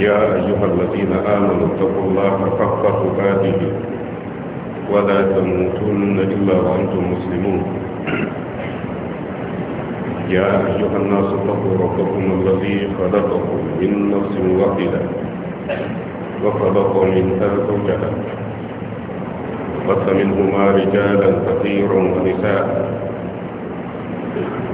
يا أيها الذين آمنوا اتقوا الله حق تقاته ولا تموتن إلا وأنتم مسلمون يا أيها الناس اتقوا ربكم الذي خلقكم من نفس واحدة وخلق منها زوجها وخلق منهما رجالا كثيرا ونساء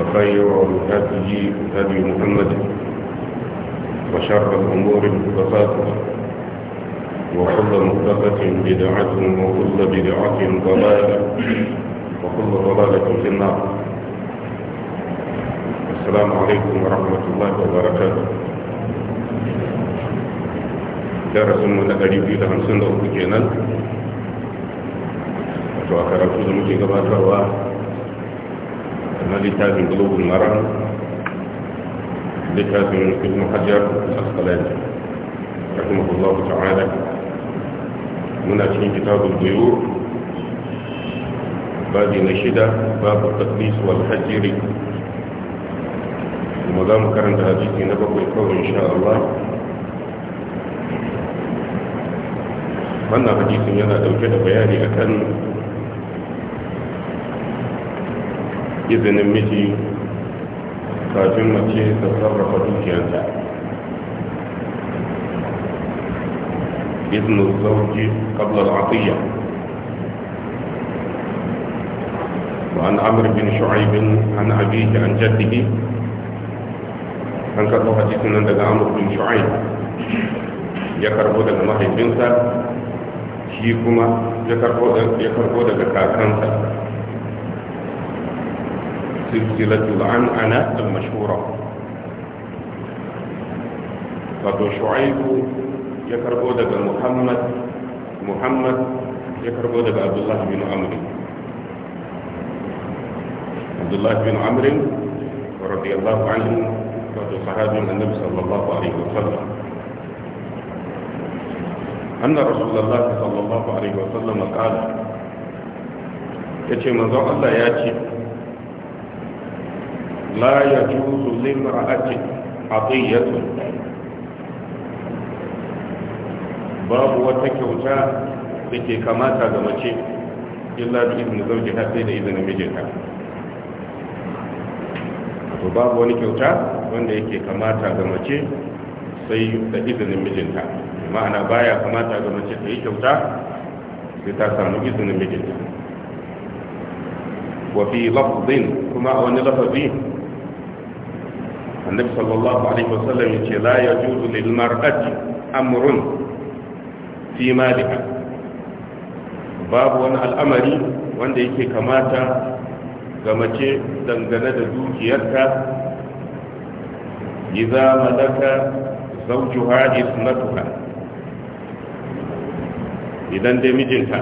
وخير الهدي هدي محمد وشر الأمور مختصاتها وكل مختصة بدعة وكل بدعة ضلالة وكل ضلالة في النار السلام عليكم ورحمة الله وبركاته درس من أجيب إلى خمسين دقيقة وأكرمت المجيء قبل مالكا في قلوب المرأة بكا في ابن حجر الأسقلاني رحمه الله تعالى من أشهي كتاب الضيور باب نشدة باب التقديس والحجر ومدام كرم تهديث نبق القول إن شاء الله وأن حديث ينادى وجد بياني أكن izinin miji kafin mace ta في dukiyarta izinin zauji قبل العطية وعن عمرو بن شعيب عن أبيه عن جده عن كتب حديثنا عند عمرو بن شعيب يكر بودا لمحي شيكما يكر بودا لكاسانسا عن العنعنة المشهورة فتو شعيب يكربودك محمد محمد يكربودك عبد الله بن عمرو عبد الله بن عمرو رضي الله عنه فتو صحابي النبي صلى الله عليه وسلم أن رسول الله صلى الله عليه وسلم قال يتي من الله ياتي لا يجوز limra'atin عطية babu wata kyauta da ke kamata ga mace illa bi izinin zauji har sai da izinin mijinta babu wani kyauta wanda yake kamata ga mace sai da izinin mijinta ma'ana baya kamata ga mace ta yi kyauta sai ta samu izinin mijinta wafi lafazin kuma a wani lafazi annabi sallallahu alaihi wasallam ya ce la yajuzu lil mar'ati amrun fi babu wani al'amari wanda yake kamata ga mace dangane da dukiyarta idza malaka zawjuha ismatuha idan dai mijinta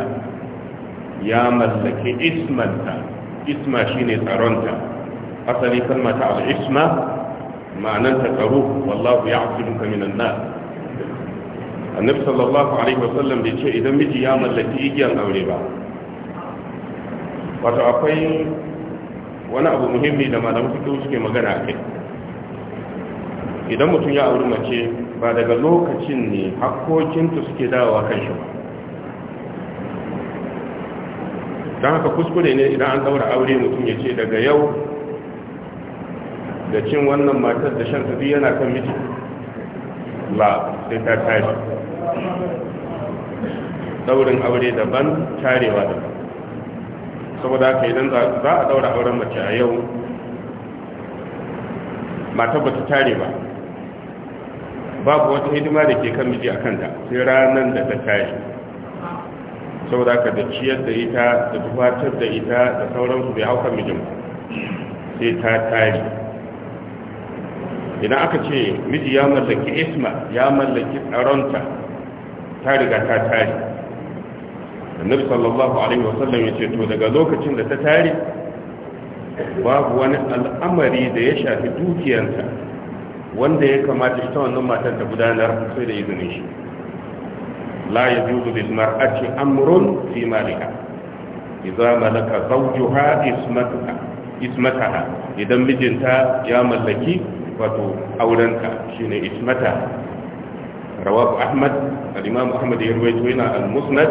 ya mallaki ismanta isma shine tsaronta asali kalma ta isma ma'anan taqaru wallahu ya'buduka minan nar annabi sallallahu alaihi wasallam bai ce idan miji ya mallaki igiyan aure ba wato akwai wani abu muhimmi da malamu suke suke magana a kai idan mutum ya auri mace ba daga lokacin ne hakkokinta suke dawowa kan shi ba don haka kuskure ne idan an daura aure mutum ya ce daga yau da cin wannan matar da shan duk yana kan miji la sai ta tare daurin aure daban tarewa da saboda haka idan za a daura auren mace a yau mata ba ta tare ba babu wata hidima da ke kan miji a kanta sai ranar da ta tare saboda haka da ciyar da ita da tufatar da ita da sauransu bai hau kan mijin sai ta tare idan aka ce miji ya mallaki isma ya mallaki tsaronta ta riga ta tare annabi sallallahu alaihi wasallam ya ce to daga lokacin da ta tari. babu wani al'amari da ya shafi dukiyanta wanda ya kamata ita wannan matar ta gudanar sai da izinin shi la yajuzu lil mar'ati amrun fi malika idza malaka zawjuha ismataha ismataha idan mijinta ya mallaki wato aurenta ne ismata rawahu ahmad al-imam ahmad ya ruwaito yana al-musnad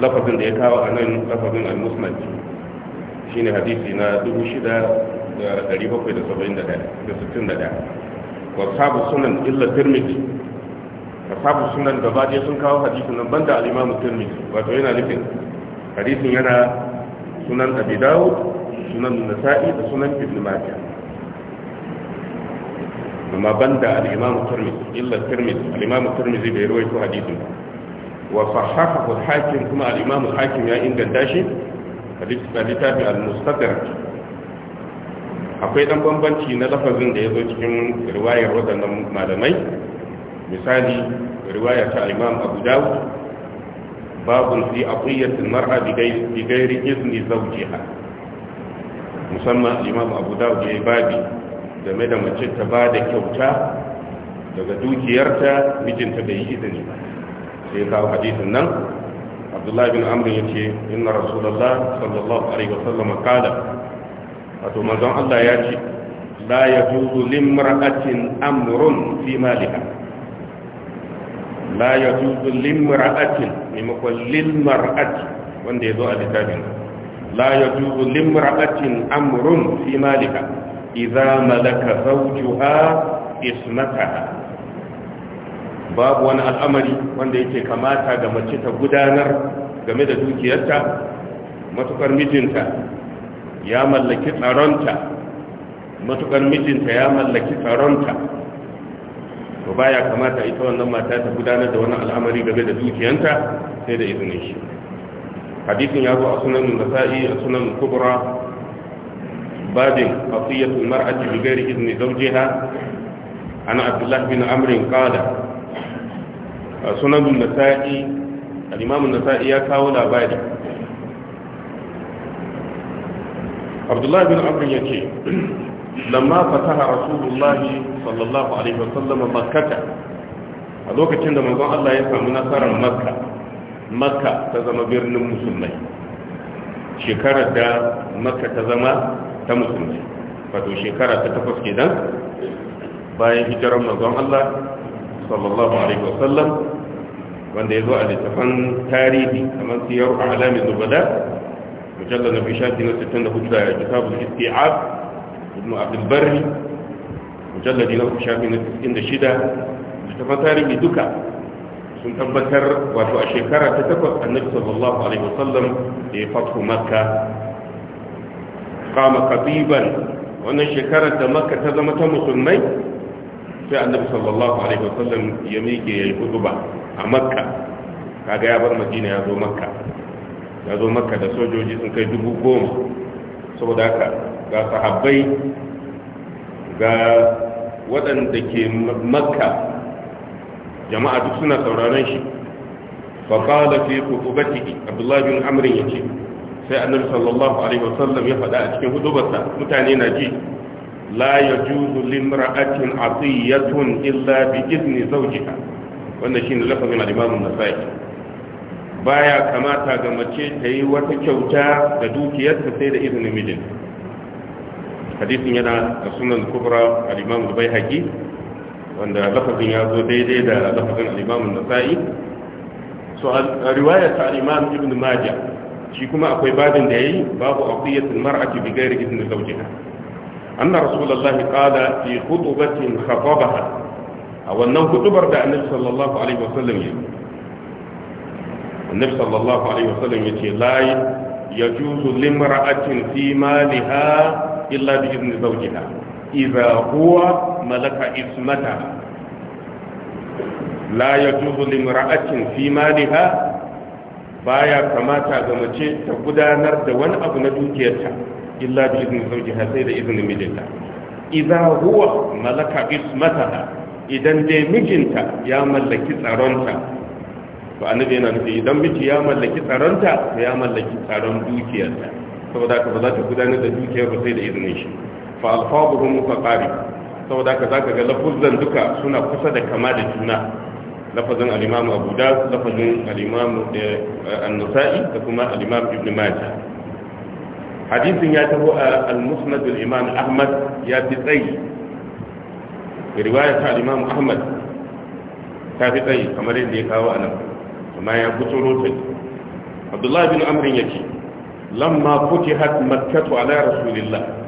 lafazin da ya kawo a anan lafazin al-musnad ne hadisi na 6771 wa sabu sunan illa tirmidhi sabu sunan gaba ɗaya sun kawo hadisin nan banda al-imam tirmidhi wato yana nufin hadisin yana sunan abi dawud sunan nasa'i da sunan ibn majah amma banda al-imam tirmidhi illa tirmidhi al-imam tirmidhi bai rawaito hadisin wa sahahahu al-hakim kuma al-imam al-hakim ya inganta shi hadisi al-litafi al-mustadrak akwai dan bambanci na lafazin da yazo cikin riwayar wadannan malamai misali riwayar ta imam abu dawud babun fi aqiyat al-mar'a bi ghairi izni zawjiha musamman imam abu dawud ya yi babi game da mace ta ba da kyauta daga dukiyarta mijinta bai yi izini ba sai kawo hadisin nan abdullahi bin amr ya ce inna rasulallah sallallahu alaihi wasallam kala wato manzon Allah ya ce la yajuzu limra'atin amrun fi maliha la yajuzu limra'atin mimakon lilmar'ati wanda ya zo a littafin la yajuzu limra'atin amrun fi malika? idza malaka zawjuha ismataha babu wani al'amari wanda yake kamata ga mace ta gudanar game da dukiyarta matukar mijinta ya mallaki tsaronta matukar mijinta ya mallaki tsaronta to baya kamata ita wannan mata ta gudanar da wani al'amari game da dukiyanta sai da izinin hadisin ya zo a sunan nasa'i a sunan kubra babin wasiyatul mar'ati bi ghairi izni zawjiha ana abdullah bin amr qala sunan an-nasa'i al-imam an-nasa'i ya kawo labari abdullah bin amr yake lamma fataha rasulullah sallallahu alaihi wasallam makkah a lokacin da manzon Allah ya samu nasarar makka ta zama birnin musulmai shekarar da makka ta zama ta musulmi wato shekara ta takwas kenan bayan hijirar mazan Allah sallallahu alaihi wasallam wanda ya zo a littafan tarihi kamar siyar alamin nubada mujallar na bishafi na 64 da kitabun isti'ab ibn abdul barri mujallar na bishafi na 66 littafan tarihi duka sun tabbatar wato a shekara ta takwas annabi sallallahu alaihi wasallam da ya fatu makka kama katiban wannan shekarar da makka ta zama ta musulmai sai annabi sallallahu alaihi wasallam ya miƙe ya yi hudu ba a makka kaga ya bar madina ya zo makka ya zo makka da sojoji sun kai dubu goma saboda haka ga sahabbai ga waɗanda ke makka jama'a duk suna sauraron shi fa qala fi khutubatihi abdullah bin amr yace sai annabi sallallahu alaihi wasallam ya faɗa a cikin hudubarsa mutane na ji la yajuzu limra'atin atiyatun illa bi idni zawjiha wannan shine lafazin al-imam an-nasa'i baya kamata ga mace ta yi wata kyauta da dukiyarta sai da izinin mijinta hadisin yana da sunan kubra al-imam al-baihaqi wanda lafazin ya zo daidai da lafazin al'imamun nasa'i so a riwayar ta al'imam ibn maja shi kuma akwai babin da ya yi babu aqiyatul mar'ati bi ghairi idni zawjiha anna rasulullahi qala fi khutbatin khatabaha a wannan hudubar da annabi sallallahu alaihi wasallam ya annabi sallallahu alaihi wasallam yace la yajuzu limra'atin fi maliha illa bi idni zawjiha إذا هو ملك إسمتها لا يجوز لامرأة في مالها baya kamata ga mace ta gudanar da wani abu na dukiyarta illa bi izinin zaujiha sai da izinin mijinta idza huwa malaka ismataha idan dai mijinta ya mallaki tsaronta to annabi yana nufi idan miji ya mallaki tsaronta ya mallaki tsaron dukiyarta saboda haka ba za ta gudanar da dukiyar ba sai da izinin shi fa alfabuhum mutaqarib saboda ka zaka ga lafuzan duka suna kusa da kama da juna lafazin al-imam Abu Dawud lafazin al-imam eh, An-Nasa'i da kuma al-imam Ibn Majah hadisin ya taho a al-Musnad al-imam Ahmad ya fi tsayi riwayar ta al-imam Ahmad ta fi tsayi kamar yadda ya kawo anan amma ya gutsuro ta Abdullah bin Amr yake lamma futihat makkah ala rasulillah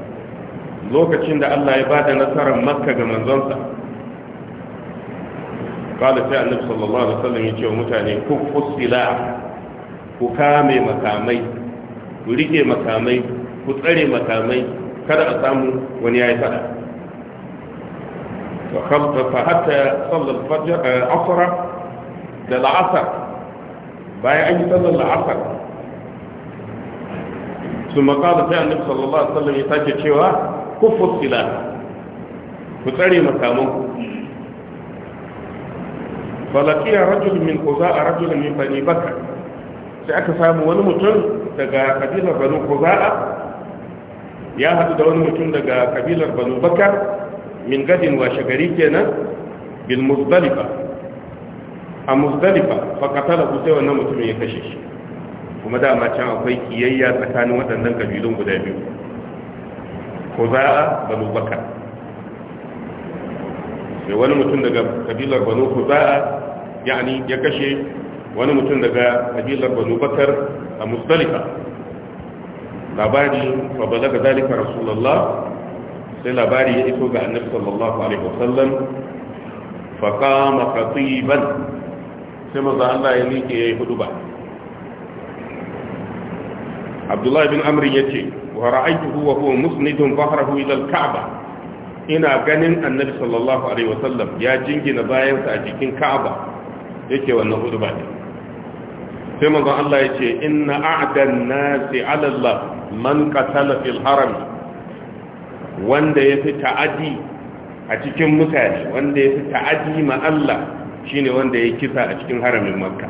lokacin da Allah ya ba da nasarar makka ga manzonsa kala sai annabi sallallahu alaihi wasallam ya ce wa mutane ku fusila ku kame makamai ku rike makamai ku tsare makamai kada a samu wani yayi fada fa khalta fa hatta salla al-fajr eh, asr da al-asr bayan an yi sallar al-asr ثم قال فعلا النبي صلى الله عليه ya يتاكي cewa. kufu sila ku tsare makamanku falakiya rajul min kuza a rajul min bani baka sai aka samu wani mutum daga kabilar banu kuza'a ya haɗu da wani mutum daga kabilar banu baka min gadin washe gari kenan bil muzdalifa a muzdalifa fakatala ku sai wannan mutumin ya kashe shi kuma dama can akwai kiyayya tsakanin waɗannan kabilun guda biyu kuza'a banu bakar sai wani mutum daga kabilar banu kuza'a yani ya kashe wani mutum daga kabilar banu bakar a mustalifa labari fa balaga zalika rasulullah sai labari ya iso ga annabi sallallahu alaihi wasallam fa qama khatiban sai manzo Allah ya ya yi hudu ba Abdullahi bin Amr yace wa ra'aytuhu wa huwa musnidun dhahrahu ila al-ka'ba ina ganin annabi sallallahu alaihi wasallam ya jingina bayansa a jikin ka'aba yake wannan huduba ne sai manzon Allah yace inna a'dan nasi 'ala Allah man qatala wanda yafi ta'adi a cikin mutane wanda fi ta'adi ma Allah shine wanda ya kisa a cikin haramin Makka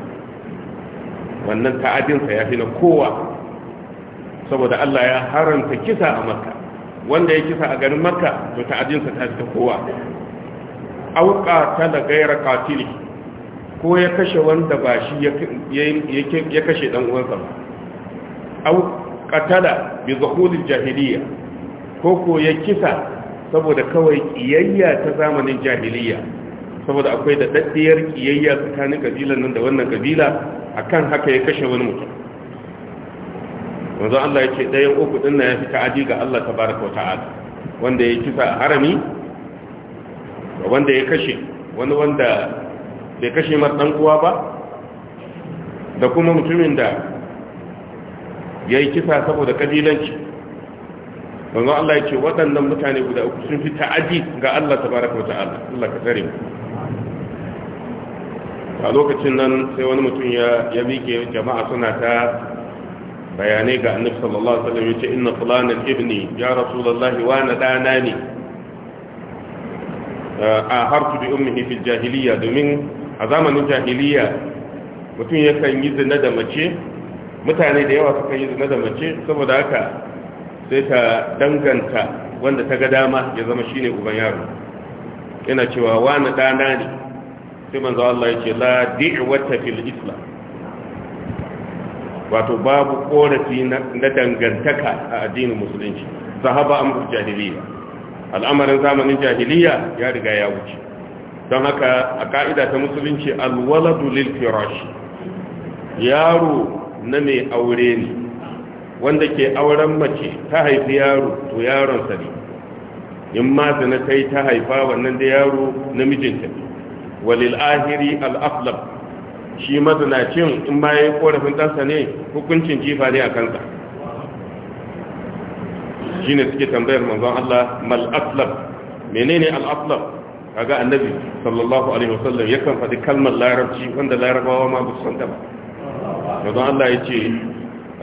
wannan ta'adinsa yafi na kowa saboda Allah ya haranta kisa a makka wanda ya kisa a ganin makka to ta'adinsa ta fita kowa auka ta gaira katili ko ya kashe wanda ba shi ya kashe dan uwansa ba au qatala bi zuhulil jahiliya ko ko ya kisa saboda kawai kiyayya ta zamanin jahiliya saboda akwai da daddiyar kiyayya tsakanin kabilan nan da wannan kabila akan haka ya kashe wani mutum yanzu Allah ya ce ɗayan uku ɗin ya fi ta'adi ga Allah ta baraka wa ta'ala wanda ya kisa a harami wanda ya kashe wani wanda bai kashe mar uwa ba da kuma mutumin da ya yi kisa saboda ƙabilanci yanzu Allah ya ce waɗannan mutane guda uku sun fi ta'adi ga Allah ta baraka wa ta'ala Allah ka tsare a lokacin nan sai wani mutum ya miƙe jama'a suna ta bayanai ga annabi sallallahu alaihi wasallam yace inna fulanan ibni ya rasulullahi wa na dana ne a ah, hartu bi ummihi fil jahiliya domin a zamanin jahiliya mutum yakan yi zina da mace mutane da yawa sukan yi zina da mace saboda haka sai ta danganta wanda ta ga dama ya zama shine uban yaro yana cewa wa dana ne sai manzo Allah yace la di'wata fil islam wato babu korafi na dangantaka a addinin musulunci sahaba amru jahiliya al'amarin zamanin jahiliya ya riga ya wuce don haka a ka'ida ta musulunci alwaladu lil firash yaro na mai aure ne wanda ke auren mace ta haifi yaro to yaron sa ne in ma zina kai ta haifa wannan da yaro namijinta walil ahiri al-aflab shi mazinacin in bayan korafin ɗansa ne hukuncin jifa ne a kansa shi ne suke tambayar manzon Allah mal'aflab menene al'aflab kaga annabi sallallahu alaihi wasallam yakan faɗi kalmar larabci wanda larabawa ma ba su san ta ba manzon Allah ya ce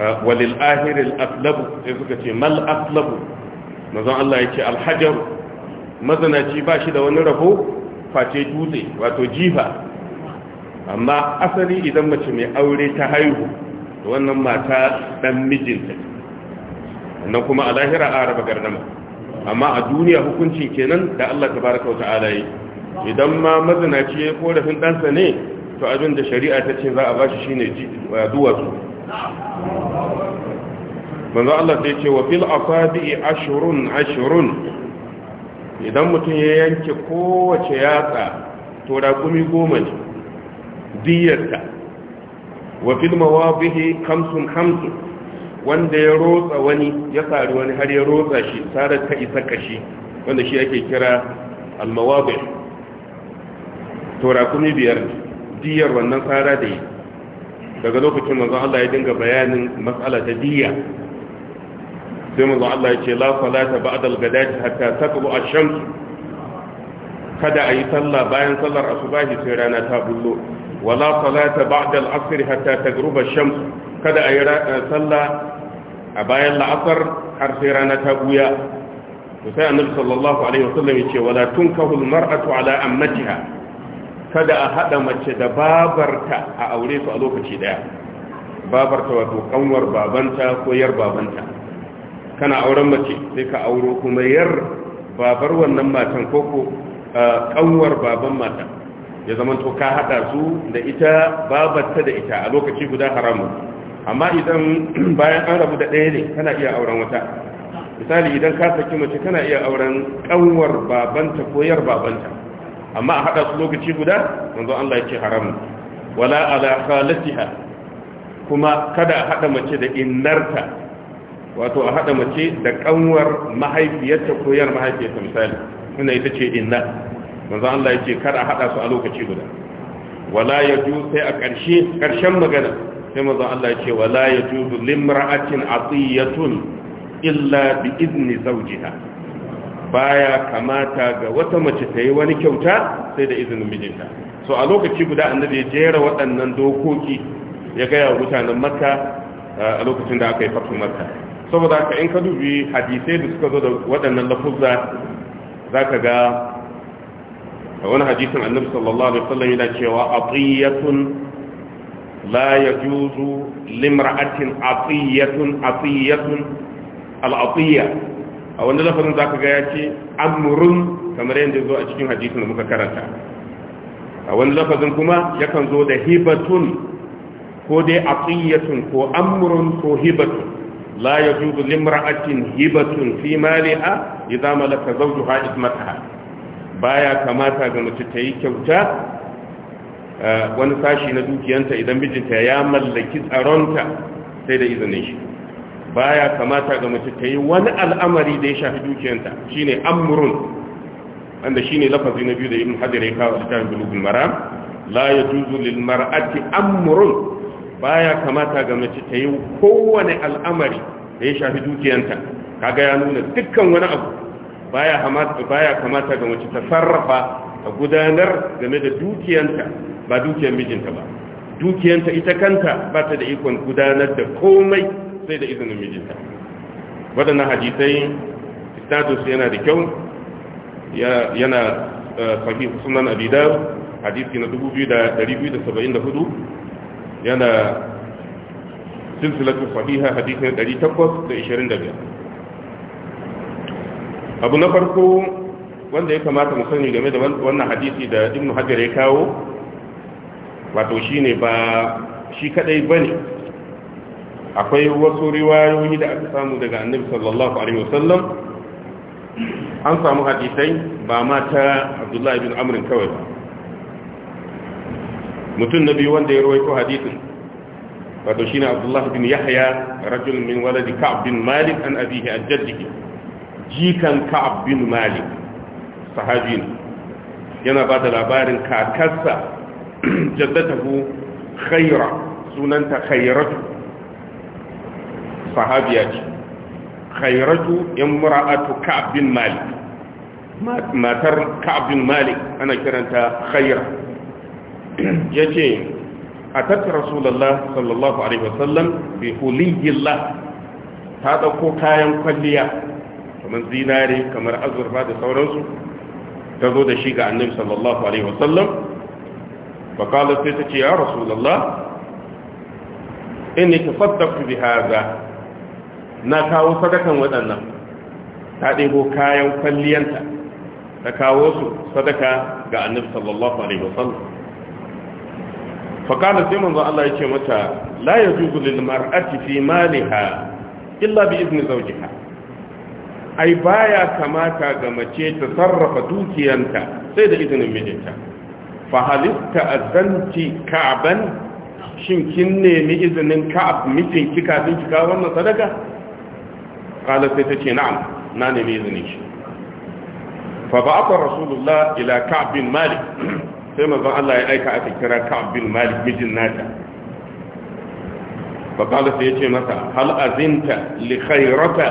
ah, walil ahiril aflabu sai suka ce mal aflabu manzon Allah ya ce alhajar mazanaci ba shi da wani rabo face dutse wato jifa amma asali idan mace mai aure ta haihu da wannan mata dan mijinta wannan kuma a lahira a raba gardama amma a duniya hukuncin kenan da Allah tabaraka wa ta'ala yi idan ma mazinaci ya korafin ɗansa ne to abin da shari'a ta ce za a bashi ne duwatsu banzu Allah sai ce wa fil asabi ashirun ashirun idan mutum ya yanke kowace yatsa to da kumi goma ne diyarta wa fil mawabihi khamsun khamsun wanda ya rotsa wani ya sari wani har ya rotsa shi sara ta isa kashi wanda shi ake kira almawabir turakumi biyar diyar wannan tsara da yi daga lokacin manzon Allah ya dinga bayanin matsala ta diya sai manzon Allah ya ce la salata ba'da al-ghadati hatta taqbu ash-shams kada a yi sallah bayan sallar asubahi sai rana ta bullo wala salata ba'da al-asr hatta tagruba shams kada a yi eh, sallah a bayan la'asar har sai rana ta buya to sai annabi sallallahu alaihi wasallam yace wala tunkahu al-mar'atu ala ammatiha kada a hada mace da babarta a aure su a lokaci daya babarta wato kanwar babanta ko yar babanta kana auren mace sai ka auro kuma yar babar wannan matan koko kanwar baban mata ya zama to ka hada su da ita babatta da ita a lokaci guda haramun amma idan bayan an rabu da ɗaya ne kana iya auren wata misali idan ka saki mace kana iya auren kanwar babanta ko yar babanta amma a hada su lokaci guda wanzu Allah ya ce haramun wala ala khalatiha kuma kada a hada mace da innarta wato a hada mace da kanwar mahaifiyarta ko yar mahaifiyarta misali wannan ita ce inna manzo Allah yake kar a hada su a lokaci guda wala yaju sai a ƙarshe ƙarshen magana sai manzo Allah yake wala yajuzu limra'atin atiyatun illa bi idni zawjiha baya kamata ga wata mace ta yi wani kyauta sai da izinin mijinta so a lokaci guda annabi ya jera waɗannan dokoki ya gaya wa mutanen makka eh, a lokacin da aka yi fatu makka saboda haka in ka dubi hadisai da suka zo da waɗannan lafuzza za ka ga a wani hadisin annabi sallallahu alaihi wasallam yana cewa atiyatun la yajuzu limra'atin atiyatun atiyatun al-atiya a wani lafazin za ka ga ya ce amrun kamar yadda zo a cikin hadisin da muka karanta a wani lafazin kuma yakan zo da hibatun ko dai atiyatun ko amrun ko hibatun la yajuzu limra'atin hibatun fi maliha idza malaka zawjuha ismataha baya kamata ga mace ta yi kyauta wani sashi na dukiyanta idan mijinta ya mallaki tsaronta sai da izinin shi baya kamata ga mace ta yi wani al'amari da ya shafi dukiyanta shine amrun wanda shine lafazi na biyu da ibn hajar kawo littafin la baya kamata ga mace ta yi kowane al'amari da ya shafi dukiyanta kaga ya nuna dukkan wani abu baya kamata ga mace ta sarrafa a gudanar game da dukiyanta ba dukiyar mijinta ba dukiyanta ita kanta ba ta da ikon gudanar da komai sai da izinin mijinta waɗannan hadisai status yana da kyau yana eh, sahihu sunan abidar hadisi na 2274 yana silsilatu sahiha hadisin 825 abu na farko wanda ya kamata mu sani game da wannan hadisi da ibn hajar ya kawo wato shine ba shi kadai bane akwai wasu riwayoyi da aka samu daga annabi sallallahu alaihi wasallam an samu hadisai ba ma ta abdullahi bin amrin kawai متن نبي وان دي رويكو حديث فدوشين عبد الله بن يحيى رجل من ولد كعب بن مالك أن أبيه أجده جيكا كعب بن مالك صحابين ينا بعد الأبار كاكسة جدته خيرة سننت خيرته صحابياتي خيرته امرأة كعب بن مالك ما ترى كعب بن مالك أنا كرنت خيرة خيرة ya ce a tattara rasulallah sallallahu alaihi wasallam bi huliyillah ta dauko kayan kwalliya kamar zinare kamar azurfa da sauransu ta zo da shi ga annabi sallallahu alaihi wasallam bakalar sai ta ce ya rasulallah in inni tafaddaqtu bi haza na kawo sadakan waɗannan ta ɗebo kayan kwalliyanta ta kawo su sadaka ga annabi sallallahu alaihi wasallam fakana sai manzo Allah yake mata la yajuzu lil mar'ati fi maliha illa bi izni zawjiha ai baya kamata ga mace ta sarrafa dukiyanta sai da izinin mijinta fa halitta azanti ka'ban shin kin nemi izinin ka'ab mijin ki kafin ki kawo wannan sadaka kala sai ta ce na'am na nemi izinin shi fa ba'a rasulullah ila ka'b malik sai mazan Allah ya aika aka kira Ka'ab bin Malik mijin nata fa qala sai yace masa hal azinta li khairata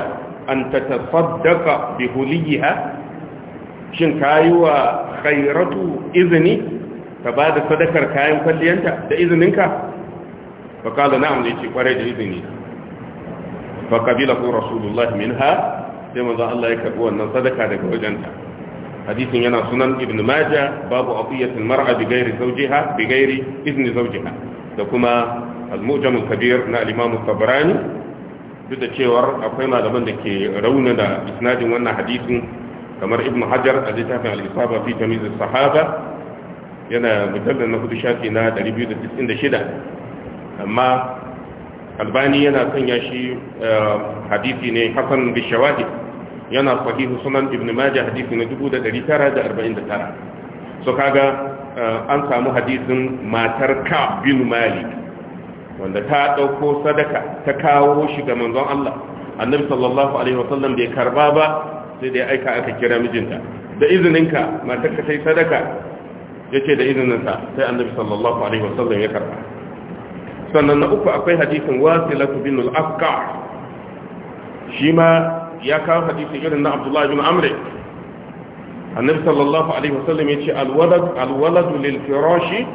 an tatasaddaqa bi huliha shin kayi wa khairatu izini ka ba da sadakar kayan kwalliyanta da izininka fa qala na'am yace kware da izini fa qabila min minha sai mazan Allah ya karbi wannan sadaka daga wajenta hadisin yana sunan ibn maja babu afiyatul mar'a bi ghairi zawjiha izni zawjiha da kuma al-mujam kabir na al-imam tabarani duk da cewar akwai malaman da ke rauna da isnadin wannan hadisin kamar ibn hajar a littafin al-isaba fi tamiz yana mujallal na hudu shafi na 296 amma albani yana sanya shi eh, hadisi ne hasan bi shawahid yana sahihu sunan ibn majah hadisi na 1949 so kaga uh, an samu hadisin matar ka bin malik wanda ta dauko sadaka ta kawo shi ga manzon Allah annabi sallallahu alaihi wasallam bai karba ba sai dai ya aika aka kira mijinta da izininka matar ka sai sadaka yace da izininsa sai annabi sallallahu alaihi wasallam ya karba sannan na uku akwai hadisin wasilatu bin al-afqa shi ma ya kawo hadisi irin na abdullahi bin amri annabi sallallahu alaihi wasallam ya ce alwalad alwaladu lil firashi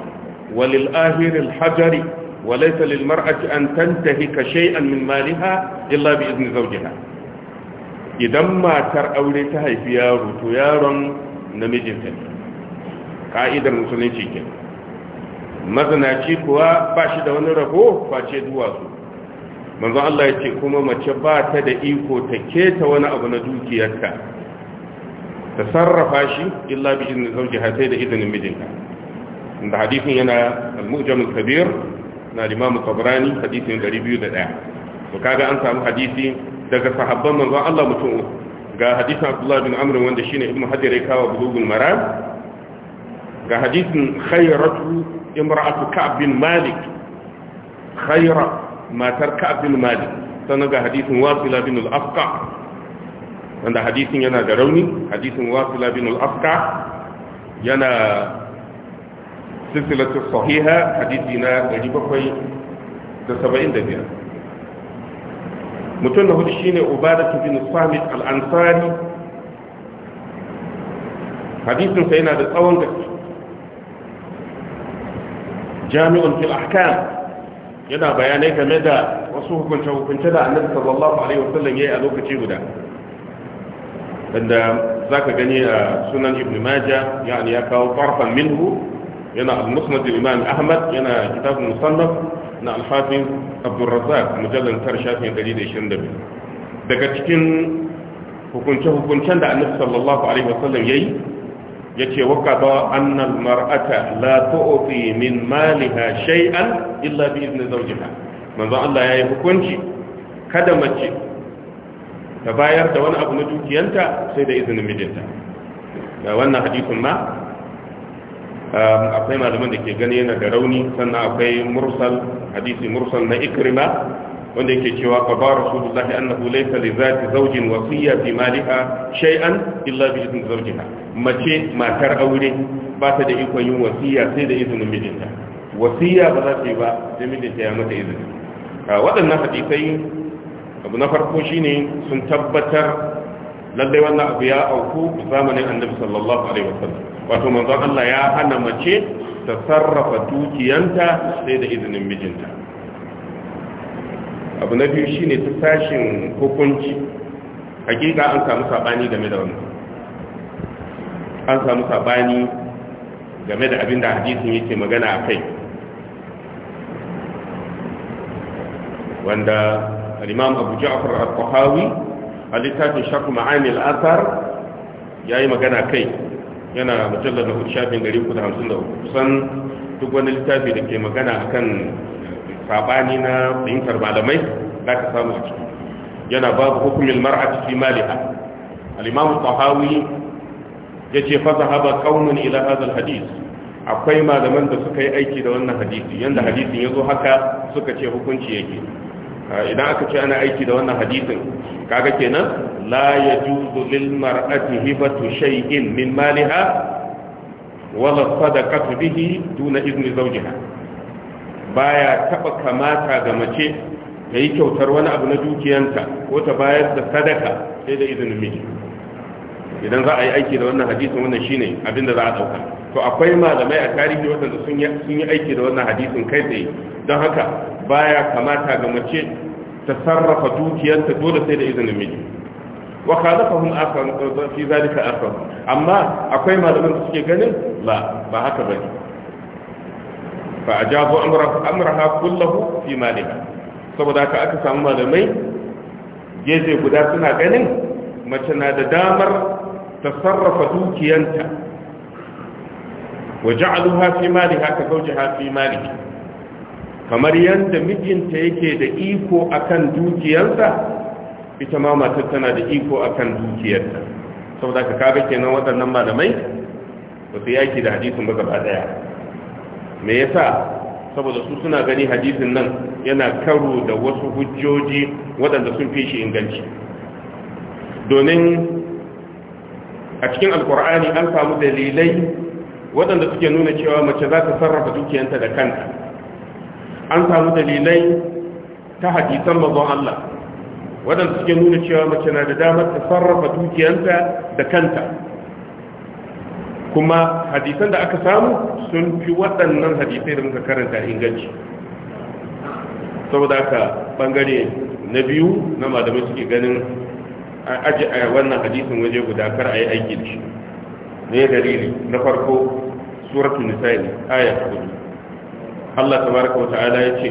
wa lil ahir al hajari wa laysa lil mar'ati an tantahika shay'an min maliha illa bi izni zawjiha idan matar aure ta haifi yaro to yaron namijin ne ka'idar musulunci ke mazanaci kuwa ba shi da wani rabo face duwatsu manzo Allah ya ce kuma mace ba ta da iko ta keta wani abu na dukiyarta ta sarrafa shi illa bi izinin har sai da izinin mijinta inda hadisin yana al-mu'jam al-kabir na Imam Tabrani hadisin 201 to kaga an samu hadisi daga sahabban manzo Allah mutum ga hadisin Abdullah bin Amr wanda shine Ibn Hajar ya kawo bulugul maram ga hadisin khayratu imra'atu Ka'b bin Malik khayra matar ka'ab bin malik sannan ga hadisin wasila bin al-afqa wanda hadisin yana da rauni hadisin wasila bin al-afqa yana silsilatu sahiha hadisi na 775 mutum na hudu shine ubadatu bin samit al-ansari hadisin sa yana da tsawon gaske jami'un fil ahkam yana bayanai game da wasu hukunce hukunce da annabi sallallahu alaihi wasallam yayi a lokaci guda wanda zaka gani a sunan ibn majah yani ya kawo farfan minhu yana al-musnad al-imam ahmad yana kitab musannaf na al-hafiz abdul razzaq mujallal tar shafin 122 daga cikin hukunce hukuncen da annabi sallallahu alaihi wasallam yayi yace wa qada anna al-mar'ata la tu'ti min maliha shay'an illa bi izni zawjiha manzo Allah yayi hukunci kada mace ta bayar da wani abu na dukiyanta sai da izinin mijinta da wannan hadisin ma um, akwai malaman da ke gani yana da rauni sannan akwai mursal hadisi mursal na ikrima wanda yake cewa fa ba rasulullahi annahu laysa li zati zawjin wasiyya fi maliha shay'an illa bi idni zawjiha mace matar aure ba ta da ikon yin wasiyya sai da izinin mijinta wasiyya ba za ta yi ba sai mijinta ya mata izini waɗannan hadisai abu na farko shine sun tabbatar lallai wannan abu ya auku zamanin annabi sallallahu alaihi wasallam wato manzon Allah ya hana mace ta sarrafa dukiyanta sai da izinin mijinta abu na biyu ne ta tashin hukunci hakika an samu saɓani game da wannan an samu saɓani game da abin da hadisun yake magana a kai wanda al-imam abu ja'afar al kuhawi a littafin shakku ma'ani al ya yi magana kai yana mujallar na shafin 353 kusan duk wani littafi da ke magana akan sabani na fahimtar malamai za ka samu a ciki yana babu hukumin mar'ati fi maliha alimamu imam tahawi yace fa zahaba qaumun ila hadha hadisi. akwai malaman da suka yi aiki da wannan hadisi yanda hadisin zo haka suka ce hukunci yake idan aka ce ana aiki da wannan hadisin kaga kenan la yajuzu lil mar'ati hibatu shay'in min maliha wala sadaqatu bihi duna izni zawjiha baya taba kamata ga mace ta yi kyautar wani abu na dukiyanta ko ta bayar da sadaka sai da izinin miji idan za a yi aiki da wannan hadisin wannan shine abin da za a dauka to akwai malamai a tarihi waɗanda sun yi aiki da wannan hadisin kai tsaye don haka baya kamata ga mace ta sarrafa dukiyarta dole sai da izinin miji wa khalafahum asan fi zalika asan amma akwai malamai da suke ganin ba ba haka bane fa ajabu amraha kullahu fi malika saboda haka aka samu malamai gefe guda suna ganin mace na da damar ta sarrafa dukiyanta wa ja'aluha fi maliha ka zawjaha fi kamar yadda mijinta yake da iko akan dukiyarsa ita ma matar tana da iko akan dukiyarta saboda ka kaga kenan waɗannan malamai ba su yaki da hadisin ba gaba daya me yasa saboda su suna gani hadisin nan yana karo da wasu hujjoji waɗanda sun fi shi inganci domin a cikin alkur'ani an samu dalilai waɗanda suke nuna cewa mace za ta sarrafa dukiyanta da kanta an samu dalilai ta hadisan mazan Allah waɗanda suke nuna cewa mace na da damar ta sarrafa dukiyanta da kanta kuma hadisan da aka samu sun fi waɗannan hadisai da muka karanta inganci saboda aka bangare na biyu na malamai suke ganin aji a wannan hadisin waje guda kar a yi aiki da shi ne dalili na farko suratun nisa'i aya ta hudu Allah tabaraka wa ya ce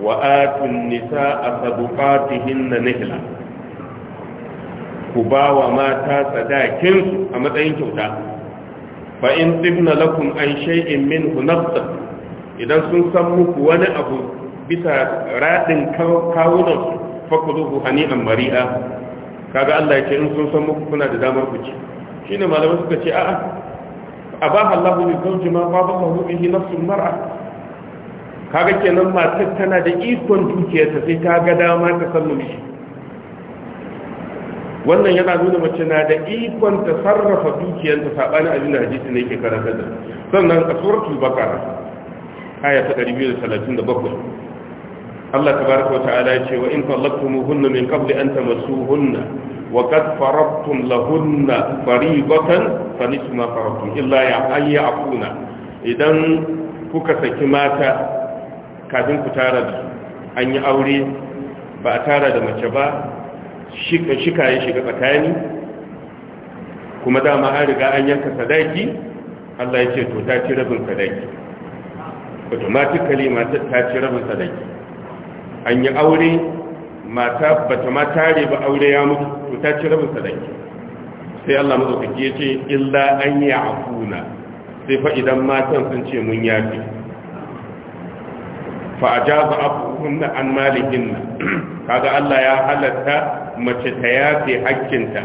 wa atun nisa'a na nihila ku ba wa mata sadakin a matsayin kyauta fa in tibna lakum an shay'in min nafsa idan sun san muku wani abu bisa radin kawunan fakuduhu hani'an mari'a kaga Allah ya ce in sun san muku kuna da damar ku ci shine malamai suka ce a'a abaha Allahu bi zawji ma qabalahu bihi nafsul mar'a kaga kenan matar tana da ikon dukiyarta sai ta ga dama ta sallu shi. wannan yana nuna mace na da ikon ta sarrafa dukiyanta sabanin abin da hadisi ne yake karanta da sannan a suratul baqara aya ta 237 Allah tabaraka wa ta'ala ya ce wa in tallaqtumuhunna min qabli an tamassuhunna wa qad faradtum lahunna fariidatan fa nisfu ma faradtum illa ya ayya afuna idan kuka saki mata kafin ku tara da an yi aure ba a tara da mace ba shika ya shiga tsakani kuma dama an riga an yanka sadaki Allah ya ce to ta ci rabin sadaki automatically mata ta ci rabin sadaki an yi aure mata bata ma tare ba aure ya mutu to ta ci rabin sadaki sai Allah mazaukaki ya ce illa an yi afuna sai fa idan matan sun ce mun yafi fa ajaza abuhunna an malihinna kaga Allah ya halatta mace ta yafe hakkinta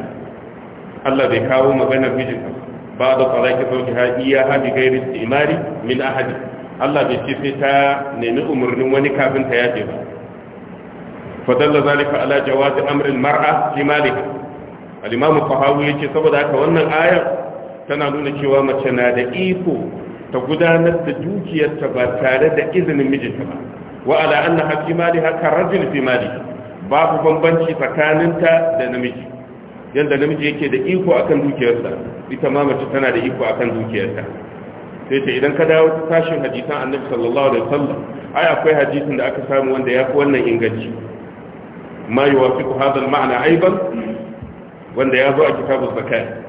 Allah bai kawo magana mijinta ba da tsaraki sauki ha iya hadi gairi imari min ahadi Allah bai ce sai ta nemi umarnin wani kafin ta yafe ba fadalla zalika ala jawazi amrin mar'a li malika. al-imam qahawi yace saboda haka wannan ayar tana nuna cewa mace na da iko ta gudanar da dukiyarta ba tare da izinin mijinta ba wa ala anna haqqi mali haka rajul fi mali babu bambanci tsakaninta da namiji Yadda namiji yake da iko akan dukiyarsa ita ma mace tana da iko akan dukiyarta sai ta idan ka dawo ta tashin hadisan annabi sallallahu alaihi wasallam ai akwai hadisin da aka samu wanda ya fi wannan inganci ma yuwafiqu hadha al-ma'na aiban wanda ya zo a kitabuz zakat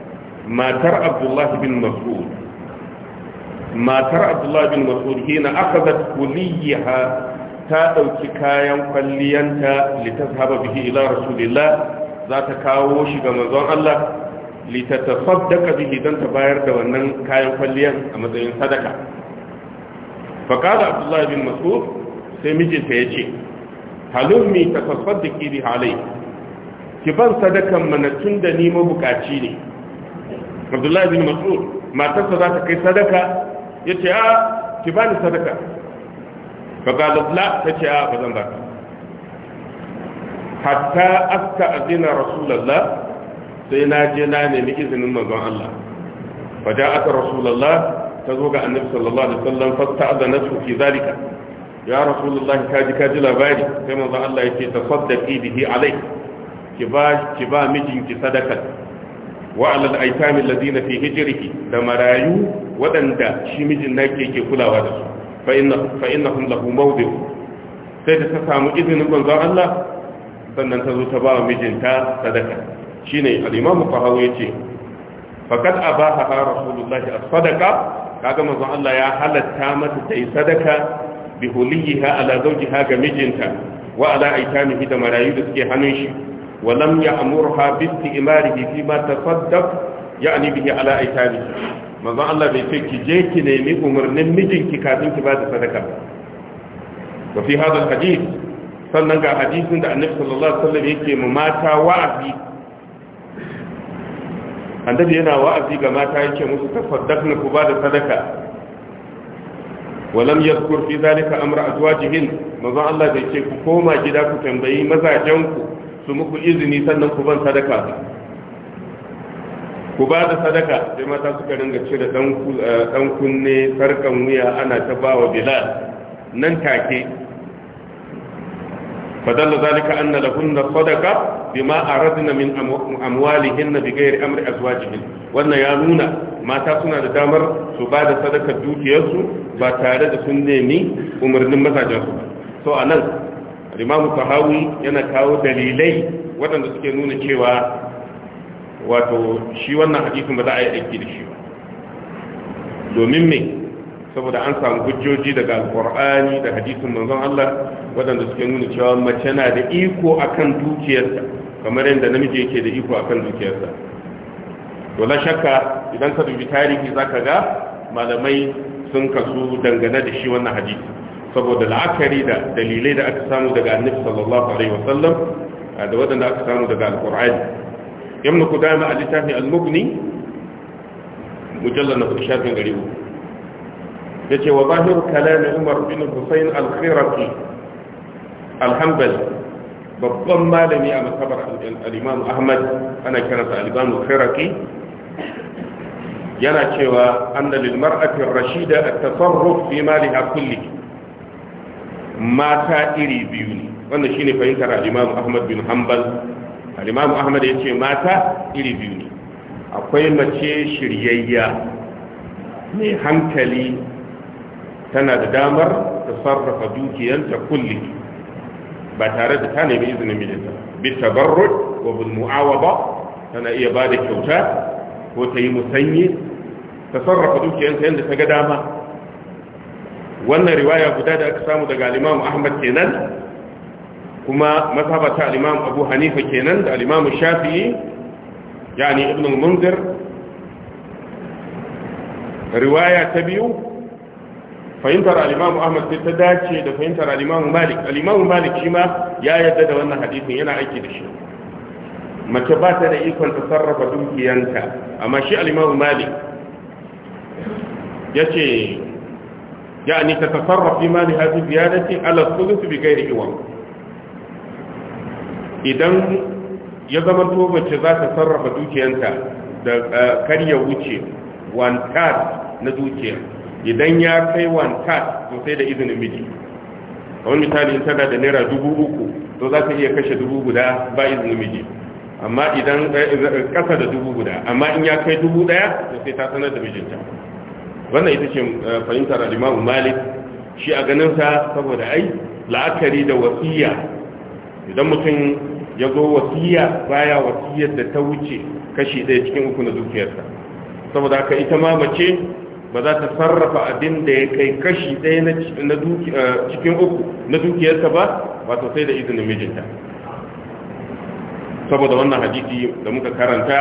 matar abdullah bin mas'ud matar abdullahi bin mas'ud hina akhadhat kuliyaha ta dauki kayan kwalliyanta litazhaba bihi ila rasulillah za ta kawo shi ga manzon Allah litatasaddaqa bihi dan ta bayar da wannan kayan kwalliyan a matsayin sadaka faqala abdullahi bin mas'ud sai mijinta yace halummi tatasaddaqi bihi alayhi ki ban sadakan mana tun da ni mabukaci ne abdullahi bin mas'ud matarsa za ta kai sadaka ya ce a ah, ki bani sadaka ba fa qala ta ce a ah, ba zan ba ka hatta asta'zina rasulallah sai na je na nemi izinin mazan Allah ba fa rasulallah ta zo ga annabi sallallahu alaihi wasallam fasta'zanatu fi zalika ya rasulullah kaji kaji labari sai mazan Allah ya ce yake tasaddaqi bihi alai ki ba ki ba mijinki sadaka wa alal aitami alladhina fi hijrihi da marayu waɗanda shi mijin naki yake kulawa da su fa inna fa lahu mawdi' sai da ta samu izinin manzon Allah sannan ta zo ta ba mijinta sadaka shine al-imamu qahawi yace faqad abaha rasulullahi as-sadaqa kaga manzon Allah ya halatta mata ta yi sadaka bi huliha ala zawjiha ga mijinta wa ala aitamihi da marayu da suke hannun shi wa lam ya'murha bi isti'marihi fi ma tasaddaq ya'ni bihi ala aitamihi manzon Allah bai ce ki je ki nemi umarnin mijinki kafin ki ba da sadaka ba fi hadal hadith sannan ga hadisin da annabi sallallahu alaihi wasallam yake mu mata wa'azi annabi yana wa'azi ga mata yake musu tafaddakna ku ba da sadaka walam yadhkur fi zalika amra azwajihin manzon Allah bai ce ku koma gida ku tambayi mazajen ku su muku izini sannan ku ban sadaka ku ba da sadaka sai mata suka ringa cire eh, dan kunne sarkan wuya ana ta ba wa bilal nan take fadalla zalika anna lahunna sadaqa bima aradna min amwalihin bi ghairi amri azwajihin wannan ya nuna mata suna da damar su ba da sadakar dukiyarsu ba tare da sun nemi umarnin mazajensu ba so anan al-imam tahawi yana kawo dalilai waɗanda suke nuna cewa wato shi wannan hadisin ba za a yi aiki da shi ba domin me saboda an samu hujjoji daga alkur'ani da hadisin manzon Allah waɗanda suke nuna cewa mace na da iko akan dukiyarsa kamar yadda namiji yake da iko akan dukiyarsa la shakka idan ka dubi tarihi zaka ga malamai sun kasu dangane da shi wannan hadisi saboda la'akari da dalilai da aka samu daga annabi sallallahu alaihi wasallam da waɗanda aka samu daga alkur'ani ku kudama a littafin al-mughni mujallal na shafin gari ya ce wa zahiru kalamin umar bin husayn al-khiraki al-hanbali babban malami a masabar al-imam ahmad ana kiransa al-imam al-khiraki yana cewa an lil mar'ati ar-rashida at-tasarruf fi a kulli mata iri biyu ne wannan ne fahimtar al-imam ahmad bin hanbal Alimamu Ahmad ya ce mata iri biyu ne akwai mace shiryayya mai hankali tana da damar ta sarrafa dukiyanta kulli ba tare da ta nemi izinin mijinta bi tabarrud wa bil ba tana iya ba da kyauta ko ta yi musanye ta sarrafa dukiyanta yadda ta ga dama wannan riwaya guda da aka samu daga Alimamu ahmad kenan kuma mazhaba ta al-imam abu hanifa kenan da al-imam shafi'i yani ibn al-munzir riwaya ta biyu fahimtar al-imam ahmad sai ta dace da fahimtar al-imam malik al-imam malik shi ma ya yarda da wannan hadisin yana aiki da shi mace ba ta da ikon ta sarrafa dukiyanta amma shi al-imam malik yace yani ta tasarrafa fi mali hadhihi ziyadati ala thuluth bi ghairi iwan idan ya zama to za ta sarrafa dukiyanta da eh, kar ya wuce one na dukiya idan ya kai one third to sai da izinin miji a wani misali tana da naira dubu uku to za ta iya kashe dubu guda ba izinin miji amma idan kasa eh, eh, da dubu guda amma in ya kai dubu daya to sai ta sanar da mijinta wannan ita ce fahimtar alimamu malik shi a ganin sa saboda ai la'akari da wasiya idan mutum ya zo wasiya baya wasiyar da ta wuce kashi ɗaya cikin uku na dukiyarsa saboda haka ita ma mace ba za ta sarrafa abin da ya kai kashi ɗaya na eh, cikin uku na dukiyarsa ba wato sai da izinin mijinta saboda wannan hadisi da muka karanta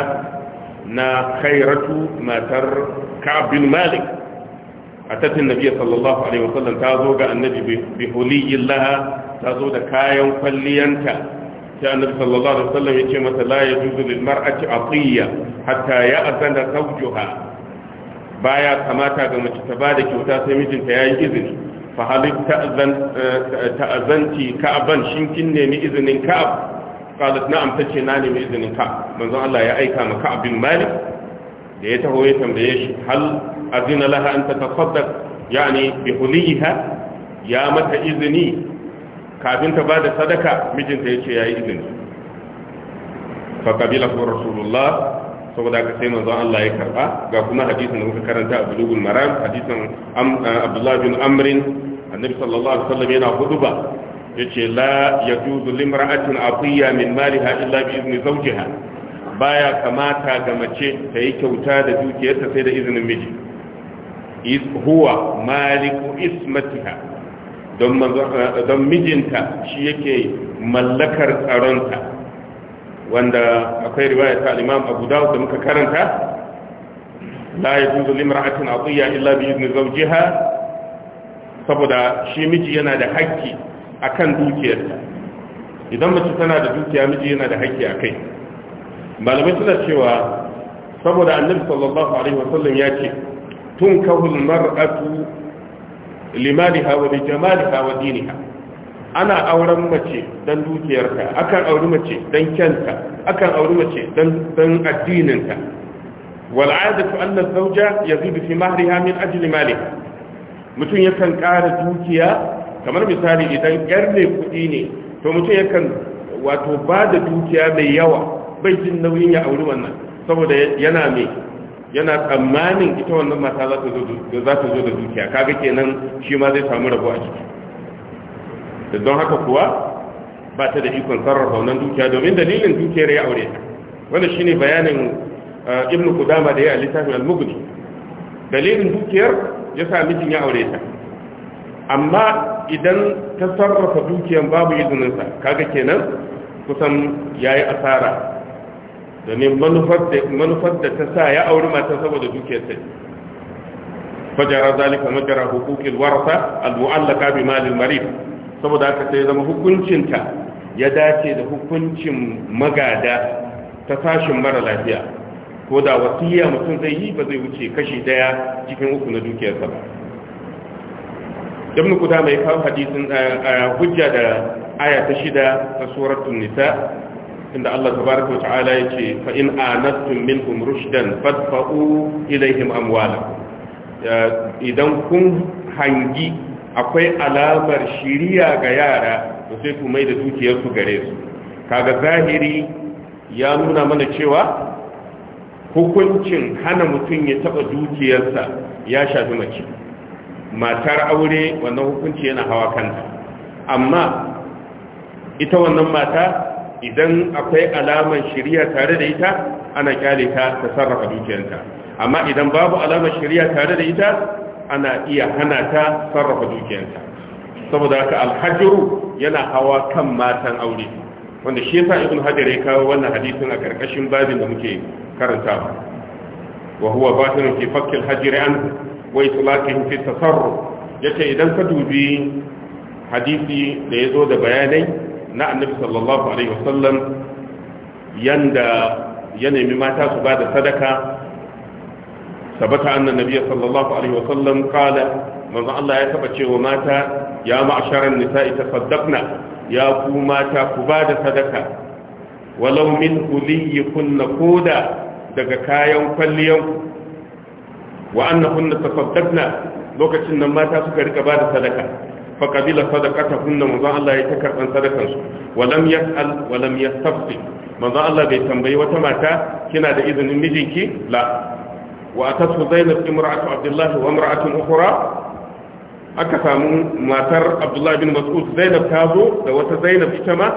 na khairatu matar ka'abin malik a tattin nabiya sallallahu alaihi wasallam ta zo ga annabi bi laha ta zo da kayan kwalliyanta sai annabi sallallahu alaihi wasallam yace mata la yajuzu lil mar'ati atiya hatta ya'zana zawjuha baya kamata ga mace ta bada kyauta sai mijinta yayi izini fa halik ta'zan eh, ta'zanti ka'ban shinkin ne ni izinin ka'ab qalat na'am tace na nemi izinin ka'ab manzon Allah ya aika ma ka'ab bin malik da ya taho ya tambaye shi hal azina laha an tatasaddaq yani bi huliha ya mata izini kafin ta ba da sadaka mijinta ya ce ya yi izini kabila ko rasulullah saboda aka sai manzon Allah ya karba. ga kuma hadisin da muka karanta a bulugul maram hadisin eh, abdullahi bin amrin annabi sallallahu alaihi wasallam yana huduba yace la yajuzu limra'atin atiya min maliha illa bi izni zawjiha baya kamata ga mace ta yi kyauta da dukiyarta sai da izinin miji huwa maliku ismatiha don mijinta shi yake mallakar tsaronta wanda akwai riwaya ta imam abu dawud da muka karanta la yajuzu limra'atin atiya illa bi izni zawjiha saboda shi miji yana da haƙƙi akan dukiyarta idan mace tana da dukiya miji yana da haƙƙi akai malamai suna cewa saboda annabi sallallahu alaihi wasallam ya ce tunkahul mar'atu limaniha wa bi jamaliha wa diniha ana auren mace dan dukiyarta akan auri mace dan kyanta akan auri mace dan dan addininta wal adatu anna zawja yazidu fi mahriha min ajli malih mutum yakan ƙara dukiya kamar misali idan yar ne kuɗi ne to mutum yakan wato bada dukiya mai yawa bai jin nauyin ya auri wannan saboda yana mai yana tsammanin ita wannan mata za ta zo da dukiya kaga kenan shi ma zai samu rabo a ciki da don haka kuwa ba ta da ikon sarrafa wannan dukiya domin dalilin dukiyar ya aure ta wanda shine bayanin uh, ibnu kudama da ya a littafin al-mughni dalilin dukiyar ya sa mijin ya aure ta amma idan ta sarrafa dukiyar babu sa kaga kenan kusan yayi asara domin manufar da ta sa ya auri mata saboda dukiyar ta fajara zalika majara hukukin warsa al bi malil marid saboda haka sai zama hukuncinta ya dace da hukuncin magada ta sashin mara lafiya ko da wasiya mutum zai yi ba zai wuce kashi daya cikin uku na dukiyarsa ba ibn kudama mai kawo hadisin eh, eh, hujja da aya ta shida ta suratul nisa inda Allah tabaraka wa ta'ala yake fa in anastum minhum rushdan fadfa'u ilaihim amwala idan kun hangi akwai alamar shiriya ga yara to sai ku mai da dukiyar ku gare su kaga zahiri ya nuna mana cewa hukuncin hana mutum ya taba dukiyarsa ya shafi mace matar aure wannan hukunci yana hawa kanta amma ita wannan mata idan akwai alamar shari'a tare da ita ana kyale ta ta sarrafa dukiyarta amma idan babu alamar shari'a tare da ita ana iya hana ta sarrafa dukiyarta saboda haka alhajiru yana hawa kan matan aure wanda shi yasa ibn hajar ya kawo wannan hadisin a karkashin babin da muke karantawa wa huwa batinun fi fakkil hajri an wa itlaqihi fi tasarruf yace idan ka dubi hadisi da yazo da bayanai na annabi sallallahu alaihi wasallam yanda ya nemi mata su ba da sadaka sabata annan nabiya sallallahu alaihi wasallam kala manzo Allah ya taba cewa mata ya ma'asharan nisa'i tasaddaqna ya ku mata ku ba da sadaka walau min kunna koda daga kayan kwalliyanku wa annahunna tasaddaqna lokacin nan mata suka rika ba da sadaka fa qabila sadaqatahunna manzo Allah ya ta karɓar sadakan su walam yas'al walam yastafti manzo Allah bai tambayi wata mata kina da izinin mijinki la wa atatu zainab imra'atu abdullah wa imra'atun ukhra aka samu matar abdullah bin mas'ud zainab ta zo da wata zainab ita ma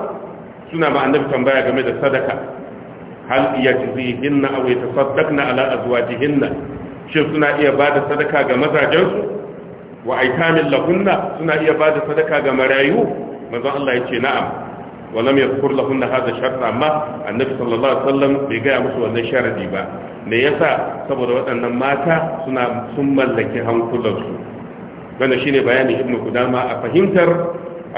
suna ma annabi tambaya game da sadaka hal yajzihinna aw yatasaddaqna ala azwajihinna shin suna iya bada sadaka ga mazajensu wa aitamin lahunna suna iya ba da sadaka ga marayu manzon Allah ya ce na'am wa lam yadhkur lahunna hadha shart amma annabi sallallahu alaihi wasallam bai ga musu wannan sharadi ba me yasa saboda waɗannan mata suna sun mallaki hankulansu wannan shine bayanin ibnu kudama a fahimtar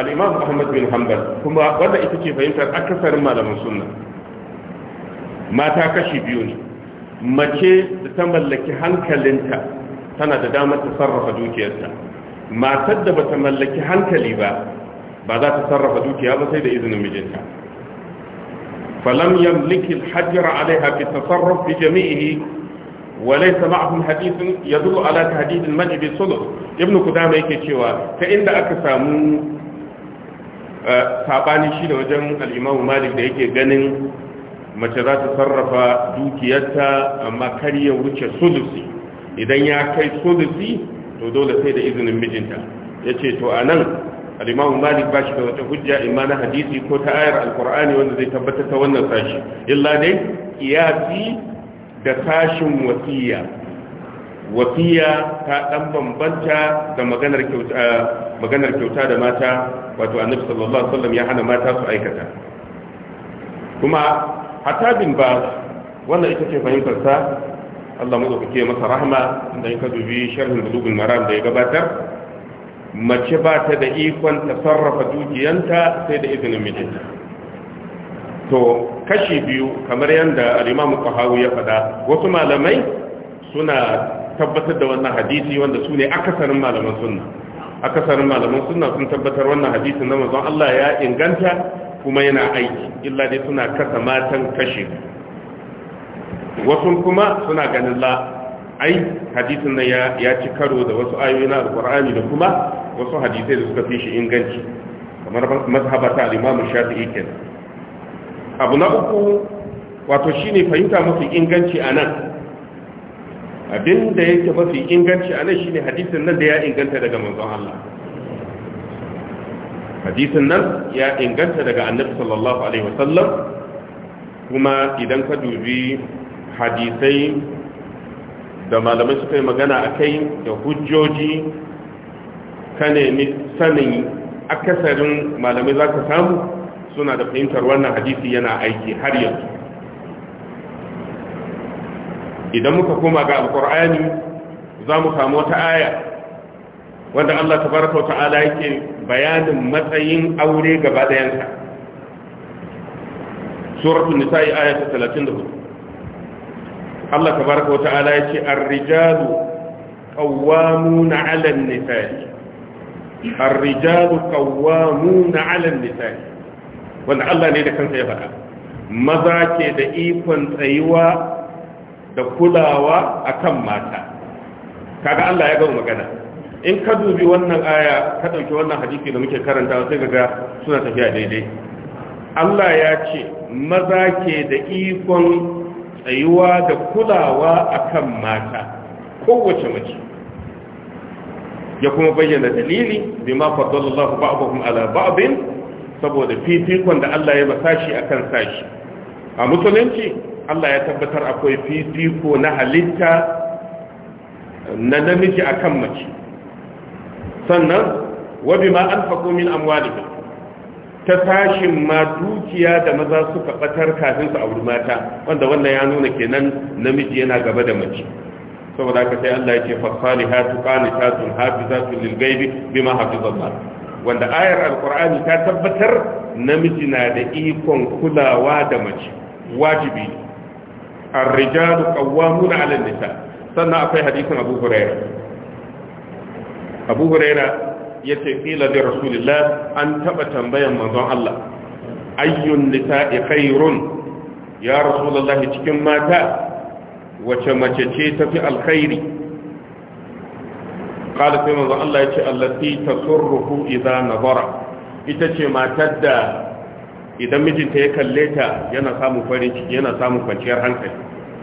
al-imam ahmad bin hanbal kuma wanda ita ce fahimtar akasarin malaman sunna mata kashi biyu ne mace da ta mallaki hankalinta tana da damar ta sarrafa dukiyarta matar da bata mallaki hankali ba ba za ta sarrafa dukiya ba sai da izinin mijinta falam yamliki al-hajr alaiha fi tasarruf bi jami'ihi wa laysa ma'ahum hadithun yadullu ala tahdid al bi sulus ibn qudama yake cewa ta inda aka samu eh, sabani shi da wajen al-imam malik da yake ganin mace za ta sarrafa dukiyarta amma kar ya wuce sulusi idan ya kai sulusi to dole sai da izinin mijinta ya ce to a nan alimamu malik ba shi da wata hujja imanin hadisi ko ta ayar alkur'ani wanda zai tabbatar ta wannan sashi illa dai kiyasi da sashin wasiya wasiya ta ɗan bambanta da maganar kyauta maganar kyauta da mata wato annabi sallallahu alaihi wasallam ya hana mata su aikata kuma hatta bin ba wannan ita ce fahimtar sa Allah mu dauke masa rahma dan ka dubi sharhul bulugul maram da ya gabatar mace ba ta da ikon ta sarrafa dukiyanta sai da izinin mijinta to kashi biyu kamar yadda al-Imam Qahawi ya faɗa wasu malamai suna tabbatar da wannan hadisi wanda su akasarin malaman sunna akasarin malaman sunna sun tabbatar wannan hadisin na manzon Allah ya inganta kuma yana aiki illa dai suna kasa matan kashi wasu kuma suna ganin la ai hadisin nan ya ci karo da wasu ayoyi na alkur'ani da kuma wasu hadisai da suka fi shi inganci kamar mazhabata al-imam shafi'i kenan abu na uku wato shine fahimta mafi inganci a anan abinda yake mafi inganci a nan shine hadisin nan da ya inganta daga manzon Allah hadisin nan ya inganta daga annabi sallallahu alaihi wasallam kuma idan ka dubi hadisai da malamai suka yi magana a kai da hujjoji ka nemi sanin akasarin malamai za ka samu suna da fahimtar wannan hadisi yana aiki har yanzu idan muka koma ga alkur'ani za mu samu wata aya wanda Allah Ta baraka wa ta'ala yake bayanin matsayin aure gaba yanka suratul nisa'i aya ta 34 Allah tabaraka wata'ala yace ar-rijalu qawwamuna 'ala an-nisa'i ar-rijalu qawwamuna 'ala an-nisa'i wanda Allah ne da kansa ya faɗa maza ke da ikon tsayuwa da kulawa akan mata kaga Allah ya gama magana in ka dubi wannan aya ka dauki wannan hadisi da muke karantawa sai kaga suna tafiya daidai Allah ya ce maza ke da ikon tsayuwa da kulawa akan mata kowace mace ya kuma bayyana dalili bima fadallallahu ba'dahum ala ba'din saboda fifikon da Allah ya basa shi akan sashi a musulunci Allah ya tabbatar akwai fifiko na halitta na namiji akan mace sannan wa bima anfaqu min amwalihim ta tashin ma dukiya da maza suka batar kafin su auri mata wanda wannan ya nuna kenan namiji yana gaba da mace saboda haka sai Allah yake fasali hatu qanitatun hafizatun lil ghaibi bima hafizallah wanda ayar alqur'ani ta tabbatar namiji na da ikon kulawa da mace wajibi ar qawwamuna 'ala an-nisa sannan akwai hadisin Abu Hurairah Abu Hurairah yace qila li rasulillah an taɓa tambayan manzon Allah ayyun nisa'i khairun ya rasulullahi cikin mata wace mace ce tafi alkhairi qala sai manzon Allah yace allati tasurruhu idza nazara ita ce matar da idan mijinta ya kalle ta yana samun farin ciki yana samun kwanciyar hankali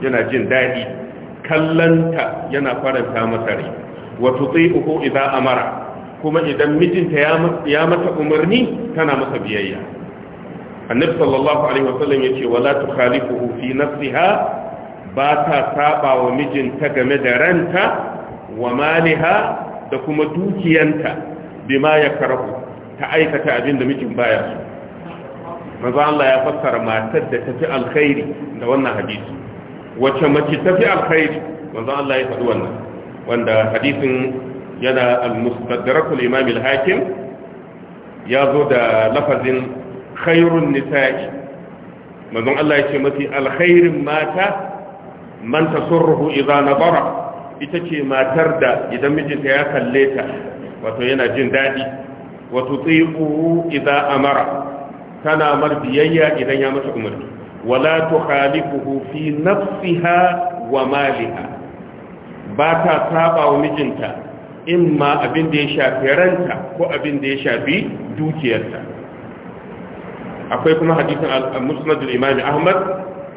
yana jin daɗi kallanta yana faranta masa rai wa tuti'uhu idza amara kuma idan mijinta ya mata umarni tana masa biyayya annabi sallallahu alaihi wasallam yace wala tukhalifuhu fi nafsiha ba ta saba wa mijinta game da ranta wa maliha da kuma dukiyanta bima ya karahu ta aikata abinda mijin baya so maza Allah ya fassara matar da tafi alkhairi da wannan hadisi Wace mace tafi alkhairi maza Allah ya faɗi wannan wanda hadisin yana al-mustadrakul imam hakim ya zo da lafazin khairun nisa'i manzon Allah ya ce mafi alkhairin mata manta tasurruhu idza nadara ita ce matar da idan mijinta ya kalle ta wato yana jin daɗi wa tuti'u idza amara tana mar biyayya idan ya masa umarni wala tukhalifuhu fi nafsiha wa maliha ba ta saba wa mijinta in ma abin da ya shafi ranta ko abin da ya shafi dukiyarta akwai kuma hadisin al-musnad al ahmad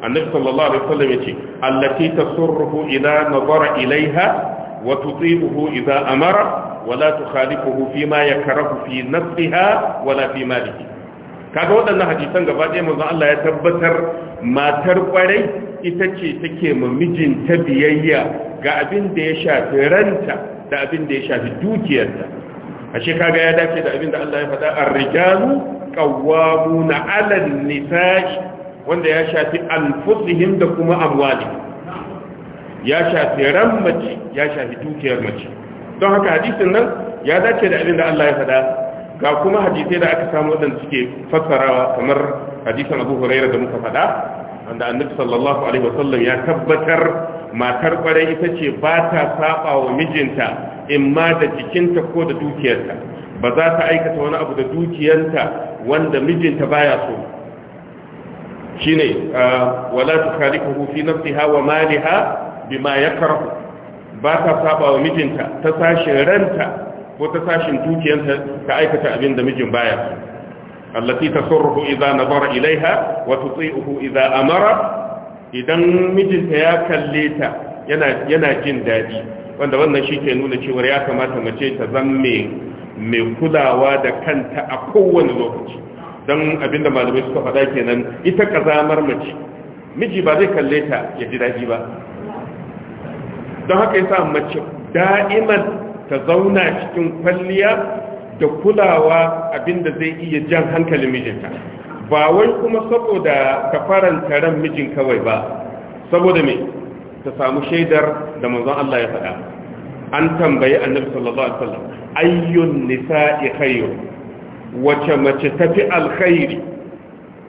annabi sallallahu alaihi wasallam yace allati tasurruhu idza nazara ilaiha wa tutibuhu idza amara wa la tukhalifuhu fi ma yakrahu fi nafsiha wa la fi malihi kaga wadannan hadisan gaba ɗaya manzon Allah ya tabbatar matar kwarai ita ce take ma mijinta biyayya ga abin da ya shafi ranta da abin da ya shafi dukiyarta ashe kaga ya dace da abin da Allah ya faɗa ar-rijalu qawwamuna 'ala an-nisa'i wanda ya shafi alfusuhin da kuma amwalihim ya shafi ran mace ya shafi dukiyar mace don haka hadisin nan ya dace da abin da Allah ya faɗa ga kuma hadisai da aka samu waɗanda suke fassarawa kamar hadisan Abu Hurairah da muka faɗa wanda Annabi sallallahu alaihi wasallam ya tabbatar matar kwarai ita ce ba ta saba wa mijinta in ma da jikinta ko da dukiyarta ba za ta aikata wani abu da dukiyarta wanda mijinta baya so shine uh, wala tukhaliquhu fi nafsiha wa maliha bima yakrahu ba ta saba wa mijinta ta sashin ranta ko ta sashin dukiyarta ta aikata abin da mijin baya so allati tasurruhu idza nazara ilaiha wa tuti'uhu idza amara idan mijinta ya kalle ta yana jin daɗi, wanda wannan shi ke nuna cewa ya kamata mace ta zamme mai kulawa da kanta a kowane lokaci don abinda malamai suka faɗa kenan ita kazamar mace miji ba zai kalle ta ya ji daɗi ba don haka sa mace da'iman ta zauna cikin kwalliya da kulawa abinda zai iya jan hankalin mijinta ba wai kuma saboda ka faranta ran mijin kawai ba saboda me ta samu shaidar da manzon Allah ya faɗa an tambayi annabi sallallahu alaihi wasallam ayyun nisa'i khayr wace mace tafi alkhairi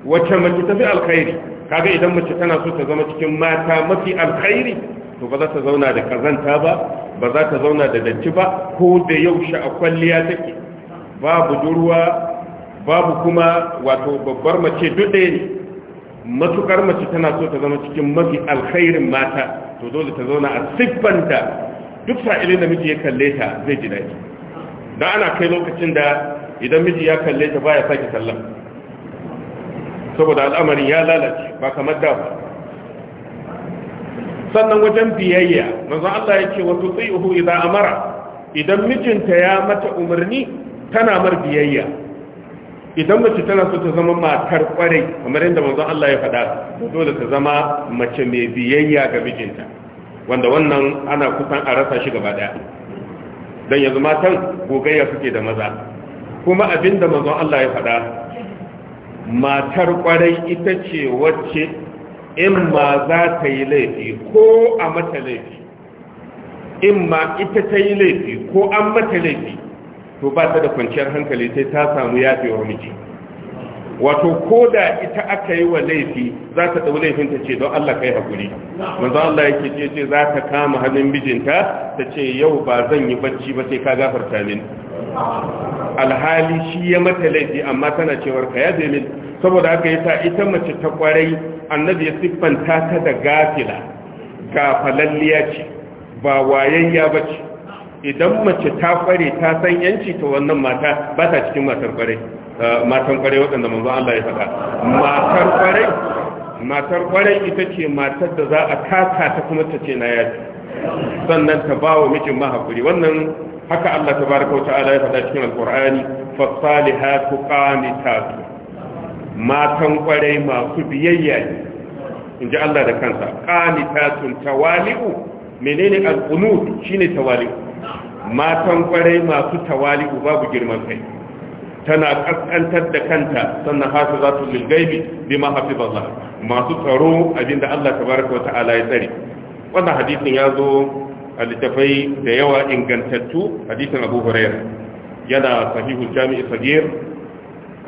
wace mace tafi alkhairi kaga idan mace tana so ta zama cikin mata mafi alkhairi to ba za ta zauna da kazanta ba ba za ta zauna da datti ba ko da yaushe a kwalliya take ba budurwa babu kuma wato babbar mace duɗe ne matukar mace tana so ta zama cikin mafi alkhairin mata to dole ta zauna a siffanta duk sa'ilin da miji ya kalle ta zai ji daɗi don ana kai lokacin da idan miji ya kalle ta baya sake kallon saboda al'amarin ya lalace ba kamar da ba sannan wajen biyayya manzo Allah ya ce wa tuti'uhu idza amara idan mijinta ya mata umarni tana mar biyayya idan mace tana so ta zama matar kwarai kamar yadda manzon Allah ya faɗa dole ta zama mace mai biyayya ga mijinta wanda wannan ana kusan a rasa shi gaba daya dan yanzu matan gogayya suke da maza kuma abinda manzon Allah ya faɗa matar kwarai ita ce wacce in ma za ta yi laifi ko a mata laifi in ma ita ta yi laifi ko an mata laifi to ba ta da kwanciyar hankali sai ta samu yafewa miji wato ko da ita aka yi wa laifi za ta ɗau laifinta ce don Allah kai hakuri. manzo Allah yake ce ce za ta kama hannun mijinta ta ce yau ba zan yi bacci ba sai ka gafarta min alhali shi ya mata laifi amma tana cewar ka yabe min saboda haka yasa ita mace ta kwarai annabi ya siffanta ta da gafila gafalalliya ce ba wayayya bace idan mace ta kware ta san yanci ta wannan mata ba ta cikin matar kware eh, matan kware waɗanda manzo Allah ya faɗa matar kware matar kware ita ce matar da za a taka ta kuma ta ce na yaji sannan ta ba wa mijin ma hakuri wannan haka Allah tabaraka wa ta'ala ya faɗa cikin alqur'ani fasalihatu qanitat matan kware masu biyayya inji Allah da kansa qanitatun tawali'u menene alqunut shine tawali matan kwarai masu tawali'u babu girman kai tana ƙasƙantar da kanta sannan hafizatu bi ma bima hafizallah masu tsaro abinda Allah tabaraka wataala ya tsare wannan hadisin ya zo a littafai da yawa ingantattu hadisin Abu Hurairah yana sahihul jami'i sagir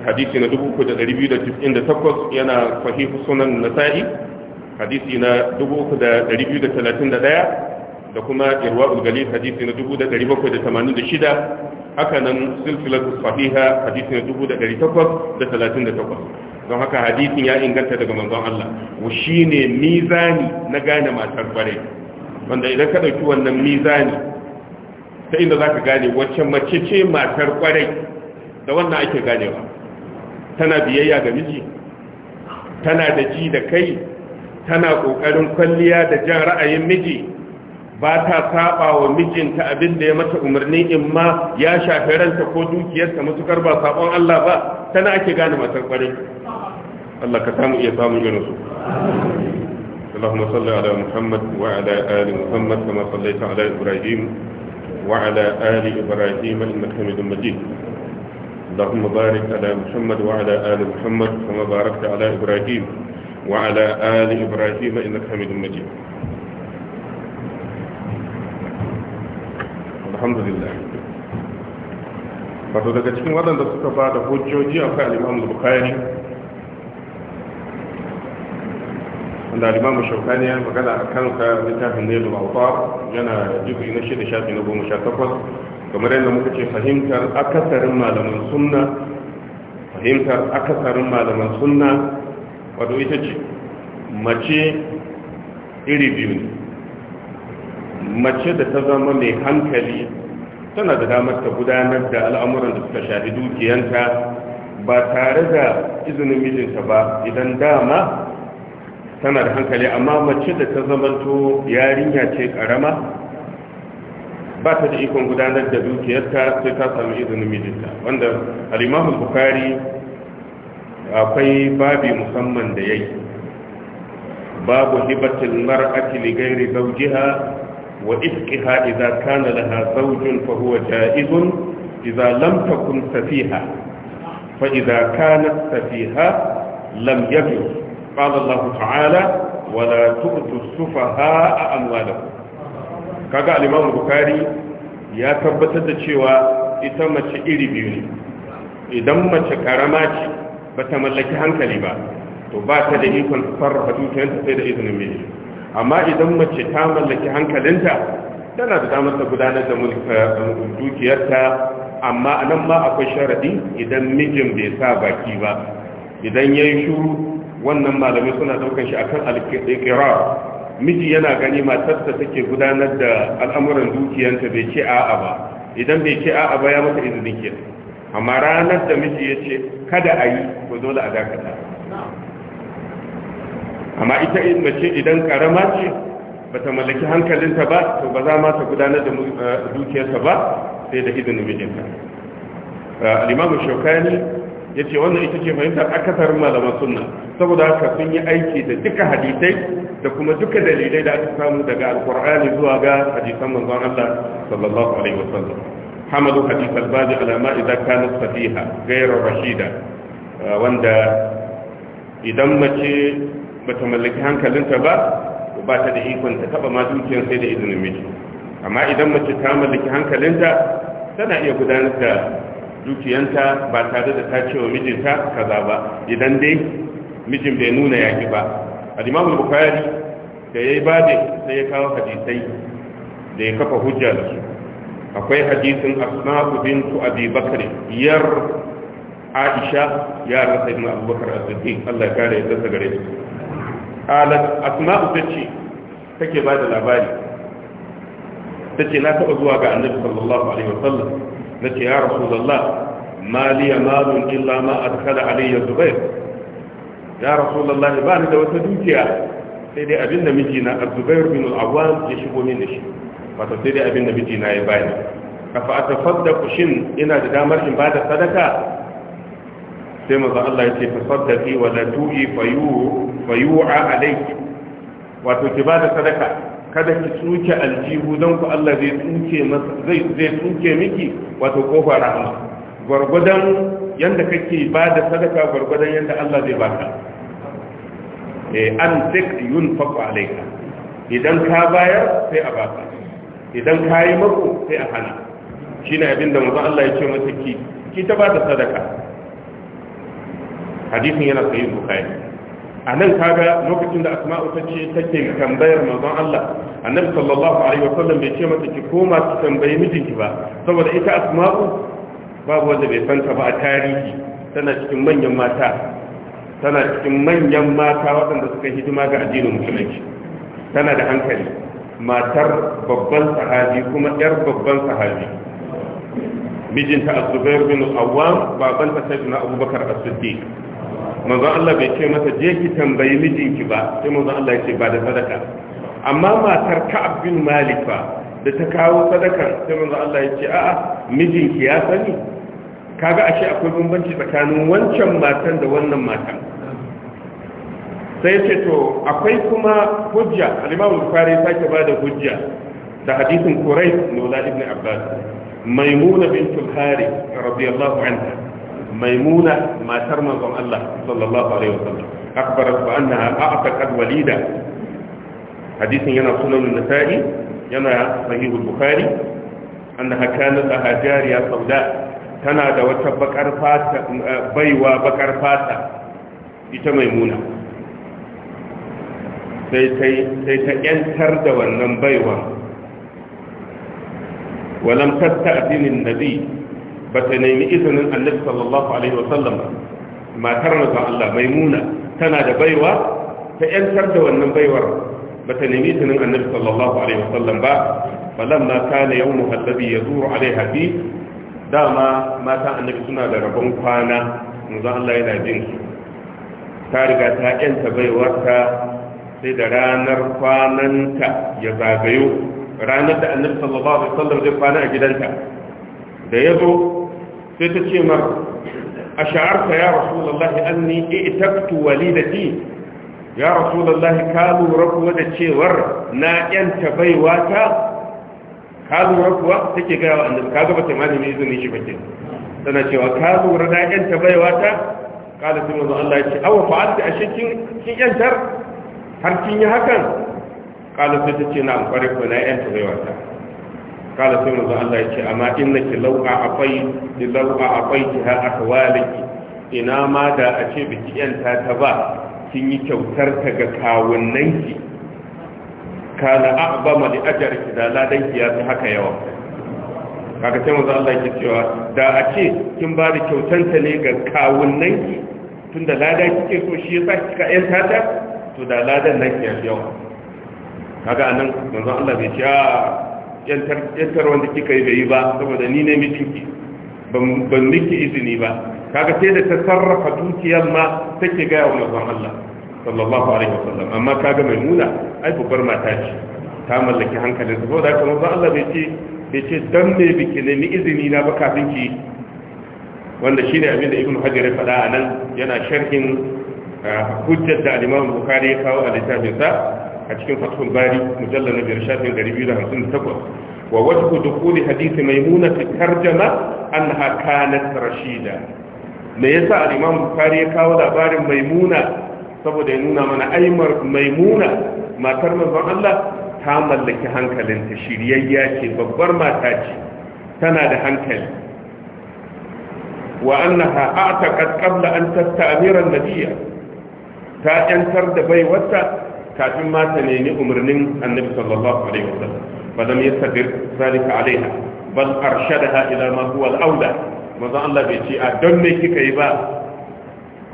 hadisi na 3298 yana sahihu sunan nasa'i hadisi na 3231 da kuma irwa'ul galil hadisi na 1786 haka nan silsilatu sahiha hadisi na 1838 don haka hadisin ya inganta daga manzon Allah wa shine mizani na gane matar bare wanda idan ka dauki wannan mizani ta inda ka gane wacce mace ce matar kwarai da wannan ake ganewa tana biyayya ga miji tana da ji da kai tana ƙoƙarin kwalliya da jan ra'ayin miji ba ta saba wa mijinta abin da ya mata umarni in ma ya shafi ranta ko dukiyarsa matukar ba saƙon Allah ba tana ake gane matar kwarai Allah ka samu iya samun irin su اللهم صل على محمد Muhammad آل محمد كما Ibrahim على إبراهيم وعلى آل إبراهيم إنك حميد مجيد اللهم بارك على محمد وعلى آل Muhammad كما باركت على Ibrahim. وعلى آل إبراهيم إنك حميد مجيد الحمد لله فتو دغا تشكين ودان دغا سكفا دغو جوجي أفا الإمام البخاري عند الإمام الشوكاني فقال أكان كمتاف النيل الأوطار جانا جيكو ينشي دشاتي نبو مشاتفت كما رأينا مكتشي فهمت أكثر ما لمن سنة فهمت أكثر ما لمن سنة wato ita ce mace iri biyu ne mace da ta zama mai hankali tana da damar ta gudanar da al'amuran da suka shafi dukiyanta ba tare da izinin mijinta ba idan dama tana da hankali amma mace da ta zamanto yarinya ce karama ba ta da ikon gudanar da dukiyarta sai ta samu izinin mijinta wanda Alimahul bukari akwai babi musamman da yayi babu hibatin mar'ati li ghairi zawjiha wa isqiha idza kana laha zawjun fa huwa jaizun idza lam takun safiha fa idza kanat safiha lam yajuz qala Allah ta'ala wala tu'tu sufaha amwalakum kaga al-Imam Bukhari ya tabbatar da cewa ita mace iri biyu ne idan mace karama ce ba ta mallaki hankali ba to ba ta da ikon sarrafa dukiyarta sai da izinin miji amma idan mace ta mallaki hankalinta tana da damar ta gudanar da eh, dukiyarta amma a nan ma akwai sharadi idan mijin bai sa baki ba idan ya yi shuru wannan malamai suna daukan shi akan alƙirar miji yana gani matarsa take gudanar da al'amuran dukiyanta bai ce a'a ba idan bai ce a'a ba ya mata izinin kenan amma ranar da miji ya ce kada a yi ko dole a dakata amma ita mace idan karama ce ba ta mallaki hankalinta ba to ba za ma ta gudanar da eh, dukiyarta ba sai da izinin mijinta eh, alimamu shaukani ya ce wannan ita ce fahimtar akasar malaman sunna saboda haka sun yi aiki da duka hadisai da kuma duka dalilai da aka samu daga alkur'ani zuwa ga hadisan manzon Allah sallallahu alaihi wasallam حملوا حديث الباب على ما إذا كانت فتيها غير رشيدة وندا إذا ما bata mallaki hankalinta ba ba ta da ikon ta ma dukiyar sai da izinin miji amma idan mace ta mallaki hankalinta tana iya gudanar da dukiyanta ba tare da ta cewa mijinta kaza ba idan dai mijin bai nuna yaki ba al-imam bukhari da yayi babe sai ya kawo hadisai da ya kafa hujja da su akwai hadisin Asma'u bintu abi bakr yar aisha ya rasa ibn abubakar as-siddiq Allah ya kare ya gare shi qalat asma'u tace take ba da labari tace na taba zuwa ga annabi sallallahu alaihi wa sallam, nace ya rasulullah ma li malun illa ma adkhala alayya zubair ya rasulullah ba ni da wata dukiya sai dai abinda mijina na zubair bin al-awwam ya shigo min da shi Wata sai dai abin da miji na ya bani kafa a da kushin ina da damar in bada sadaka sai maza Allah ya ce tasaddaqi wa la tu'i fayu'a alaiki. wato ki bada sadaka kada ki tsuke aljihu don ku Allah zai tsuke zai zai tsuke miki wato kofar rahama gwargwadon yanda kake bada sadaka gwargwadon yanda Allah zai baka eh an tik faku alayka idan ka bayar sai a baka idan ka yi mako sai a hana shi ne abinda mazan Allah ya ce mata ki ki ta ba ta sadaka hadisin yana sayi bukari a nan kaga lokacin da asma'u ta ce take tambayar mazan Allah annabi sallallahu alaihi wasallam bai ce mata ki koma ki tambayi mijinki ba saboda ita asma'u babu wanda bai santa ba a tarihi tana cikin manyan mata tana cikin manyan mata waɗanda suka hidima ga addinin musulunci tana da hankali matar babban sahabi kuma yar babban sahabi mijinta a zubair bin al-awwam baban ta sayyidina abubakar as-siddiq manzo Allah bai ce mata je ki tambayi mijinki ba sai manzo Allah ya ce ba da sadaka amma matar ka'ab bin malifa da ta kawo sadaka. sai manzo Allah ya ce a'a mijinki ya sani kaga ashe akwai bambanci tsakanin wancan matan da wannan matan sai ce to akwai kuma hujja al-imam bukhari sake ba da hujja da hadisin quraysh nola ibn abbas maimuna bint al-hari radiyallahu anha maimuna matar manzon Allah sallallahu alaihi wasallam akbarat bi annaha a'taqat walida hadisin yana sunan an-nasa'i yana sahih al-bukhari annaha kanat laha jariya sauda tana da wata bakar fata baiwa bakar fata ita maimuna sai ta ƴantar da wannan baiwa walam tatta adinin nabi ba ta nemi izinin annabi sallallahu alaihi wasallam matar mazan Allah mai Muna tana da baiwa ta ƴantar da wannan baiwar ba ta nemi izinin annabi sallallahu alaihi wasallam ba falamma kana yawmu alladhi yazuru alaiha fi dama mata annabi suna da rabon kwana manzo Allah yana jin ta riga ta yanta baiwarta sai da ranar kwananta ya zagayo ranar da annabi sallallahu alaihi wasallam zai kwana a gidanta da yazo sai ta ce mar ash'arta ya rasulullahi anni i'taktu walidati ya rasulullahi ka lura kuwa da cewar na yanta baiwa ta ka lura kuwa take ga annabi ka ga bata malami izinin shi bakin tana cewa ka lura na yanta baiwa ta kada sai manzo Allah ya ce awa fa'alta ashe kin kin yantar har kin yi hakan kala sai ta ce na alfari ko na yanta zai wata kala sai manzo Allah ya ce amma innaki lau'a afai li lau'a afai ki ha akwaliki ina ma da a ce biki yanta ta ba kin yi kyautar ta ga kawunnanki kana ma li ki da ladanki ya fi haka yawa kaga sai manzo Allah ya ce da a ce kin ba da kyautanta ne ga Tun tunda lada kike so shi yasa kika yanta ta to da ladan nan ke yau kaga anan manzo Allah bai ci, a ah, yantar wanda kika yi bai yi ba saboda ni ne mijinki ban miki izini ba kaga sai da ta sarrafa dukiyar ma take ga yau manzo Allah sallallahu alaihi wasallam amma kaga mai muna ai babbar mata ce ta mallaki hankalin sa saboda kuma manzon Allah bai ci bai ce dan me biki ne ni izini na ba kafin ki wanda shine abin da Ibn Hajar ya faɗa anan yana sharhin Ah, hujjar da al-Imam ya kawo a littafin a cikin Fathul Bari mujallal na takwas. wa wajhu dukhuli hadith maymuna fi tarjama annaha kanat rashida me yasa al-Imam ya kawo labarin Muna? saboda ya nuna mana aimar Muna, matar manzon Allah ta mallaki hankalinta shiryayya ce babbar mata ce tana da hankali wa annaha a'taqat qabla an tasta'mira an-nabiyya ta yantar da bai baiwarta kafin ma ta nemi umarnin annabi sallallahu alaihi wasallam falam yastadir zalika alaiha bal arshadaha ila ma huwa al-aula manzo Allah bai ce a don me kika yi ba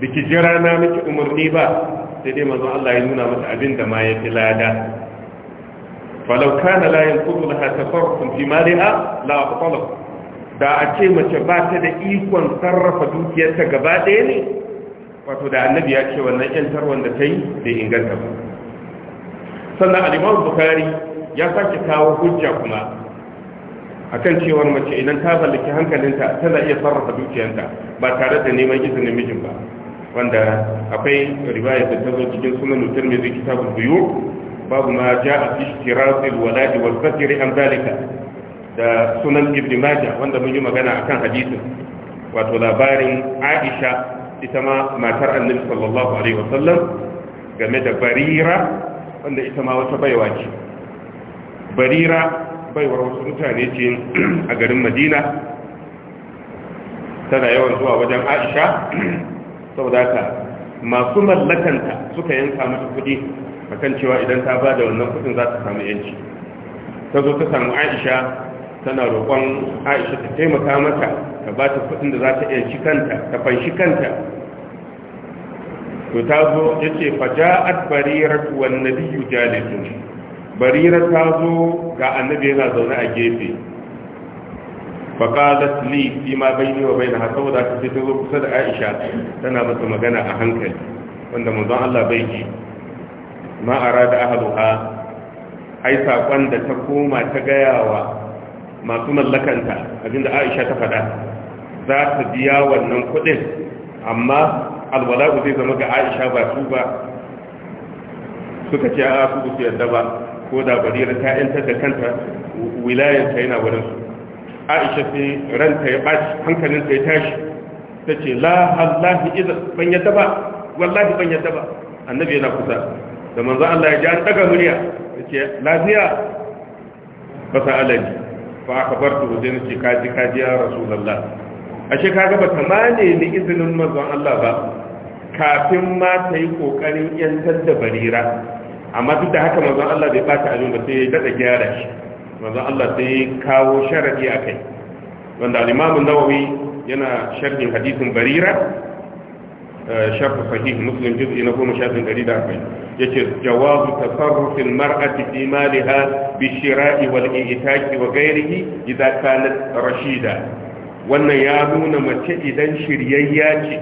biki jira na miki umarni ba sai dai manzo Allah ya nuna mata abin da ma yafi lada falau kana la yanqutu laha tafarrufun fi maliha la aqtalahu da a ce mace ba ta da ikon sarrafa dukiyarta gaba ɗaya ne wato da annabi ya ce wannan yantar wanda ta yi bai inganta ba sannan alimam bukari ya sake kawo hujja kuma akan cewar mace idan ta mallaki hankalinta tana iya sarrafa dukiyanta ba tare da neman izinin mijin ba wanda akwai riwaya da ta zo cikin sunan zai kitabul buyu babu ma jaa fi ishtirasil waladi wal zakri an zalika da sunan ibn majah wanda mun yi magana akan hadisin wato labarin aisha ita ma matar annabi sallallahu alaihi wasallam game da barira wanda ita ma wata baiwa ce barira baiwar wasu mutane ce a garin madina tana yawan zuwa wajen aisha saboda ka masu mallakanta suka yanka mata kudi akan cewa idan ta ba da wannan kudin za ta samu yanci ta zo ta samu aisha tana roƙon aisha ta taimaka mata ta ba ta kudin da za ta iya kanta ta fanshi kanta to ta zo ya ce faja'at bariratu wan nabiyyu jalisu barira ta zo ga annabi yana zaune a gefe faƙalat li fi ma ne wa bainaha saboda ta ce ta zo kusa da aisha tana mata magana a hankali wanda mazan Allah bai ji ma'ara da ahaduha ai saƙon da ta koma ta gayawa masu mallakanta abinda aisha ta faɗa za ta biya wannan kuɗin amma alwala'u zai zama ga aisha ba su ba suka ce a su ba su yarda ba ko da barira ta yantar da kanta wilayarta yana wurinsu aisha sai ranta ya ɓaci hankalinta ya tashi ta ce la hallahi idan ban yadda ba wallahi ban yadda ba annabi yana kusa da manzo Allah ya ji an daga murya ya ce lafiya ba sa alaji fa aka bar tu sai nace kaji kaji ya a ashe kaga ba ta mane ni izinin mazan Allah ba kafin ma ta yi kokarin yantar da barira amma duk da haka mazan Allah bai bata abin ba sai ya dada gyara shi Mazan Allah sai ya kawo sharadi kai. wanda Limamin nawawi yana sharhin hadisin barira shafa sahih muslim juz'i na goma shafin dari da akwai yace jawazu tasarrufin mar'ati fi maliha bi shira'i wal i'taqi wa ghairihi idza kanat rashida wannan ya nuna mace idan shiryayya ce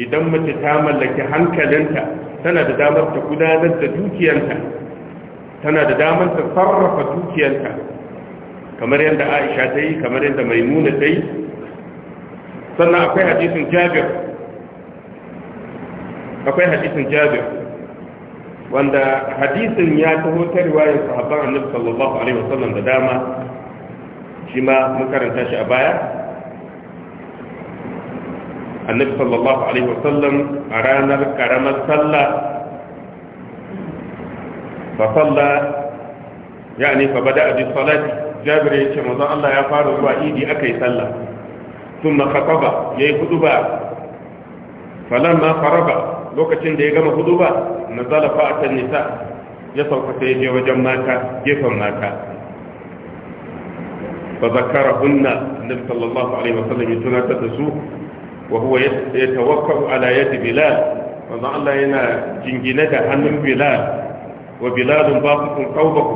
idan mace ta mallaki hankalinta tana da damar ta gudanar da dukiyanta tana da damar ta sarrafa dukiyanta kamar yadda Aisha ta yi kamar yadda Maimuna ta yi sannan akwai hadisin Jabir akwai hadisin jabir wanda hadisin ya taho ta riwayar sahabban annabi sallallahu alaihi wasallam da dama shi ma mun karanta shi a baya annabi sallallahu alaihi wasallam a ranar karamar sallah fa salla yani fa bada bi salati jabir ya ce manzon Allah ya fara zuwa idi akai sallah thumma khataba yayi huduba falamma faraba lokacin da ya gama hudu ba na zalafa a can nisa ya sauka sai je wajen mata gefen mata ba zakara hunna annabi sallallahu alaihi wasallam ya tunatar da su wa huwa yatawakkau ala yadi bilal wanda Allah yana jingine da hannun bilal wa bilalun basukun qawbahu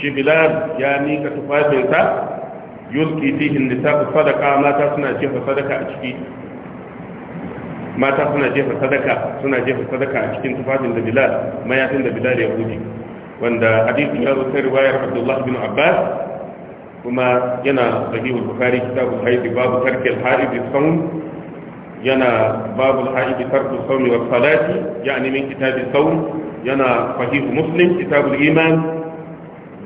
shi bilal ya nika tufafinsa yulki fihi nisa sadaqa mata suna jefa sadaka a ciki mata suna jefa sadaka suna jefa sadaka a cikin tufafin da bilal mayafin da bilal ya huji wanda hadisin ya zo riwayar abdullahi bin abbas kuma yana sahihul bukhari kitabu haidi babu tarkil haidi saum yana babu haidi tarku saumi wa salati yani min kitabi saum yana sahih muslim kitabul iman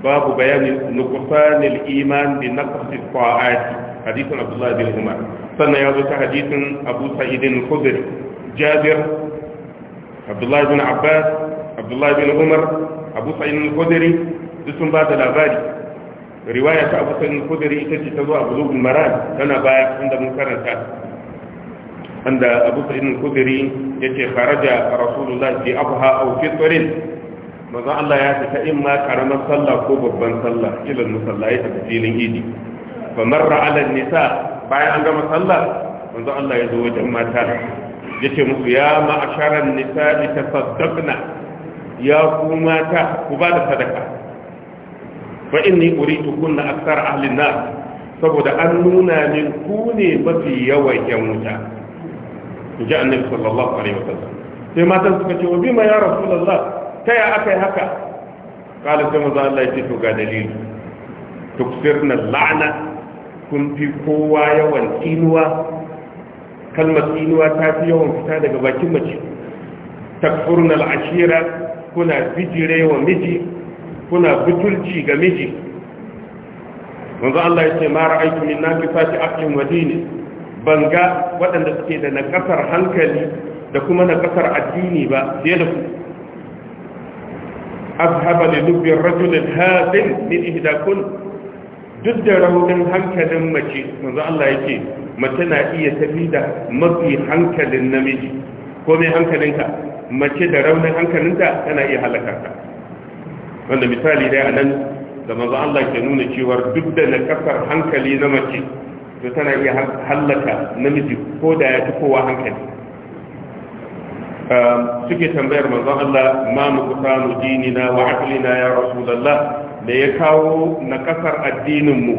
babu bayani nuqsanil iman bi naqsi ta'ati hadisin abdullahi bin umar sannan ya zo ta hadisin abu sa'idin khudri jabir abdullahi bin abbas abdullahi bin umar abu sa'idin khudri duk sun ba da labari riwaya ta abu sa'idin khudri ita ce ta zo a bulugun maran tana baya inda mun karanta anda abu sa'idin khudri yace kharaja rasulullahi fi abha aw tsorin manzo Allah ya fita in ma karamar sallah ko babban sallah ilal musalla ya tafi filin idi fa marra nisa bayan an gama sallah manzo Allah ya zo wajen mata Ya ce musu ya ma'asharan nisa'i tasaddaqna ya ku mata ku ba da sadaka fa inni uritu kunna akthar ahli an-nar saboda an nuna min ku ne mafi yawan yan wuta inji annabi sallallahu alaihi wasallam sai matan suka ce wa bima ya rasulullah ta ya akai haka qala sai manzo Allah ya ce to ga dalili tuksirna la'na kun fi kowa yawan tsinuwa kalmar tsinuwa ta fi yawan fita daga bakin mace takfurna al'ashira kuna bijire wa miji kuna butulci ga miji wanzu Allah ya ce mara aiki min nafi fati aklin wadini banga waɗanda suke da nakasar hankali da kuma nakasar addini ba fiye da ku azhaba li lubbin rajulin hadin min ihdakun duk da raunin hankalin mace manzo Allah yake mace na iya tafi da mafi hankalin namiji ko mai hankalinka mace da raunin hankalinta tana iya halaka ka wanda misali dai anan da manzo Allah ke nuna cewa duk da nakasar hankali na mace to tana iya halaka namiji ko da ya fi kowa hankali ehm, suke tambayar manzon Allah ma mu kusa mu dinina wa aqlina ya rasulullah me ya kawo na kasar addininmu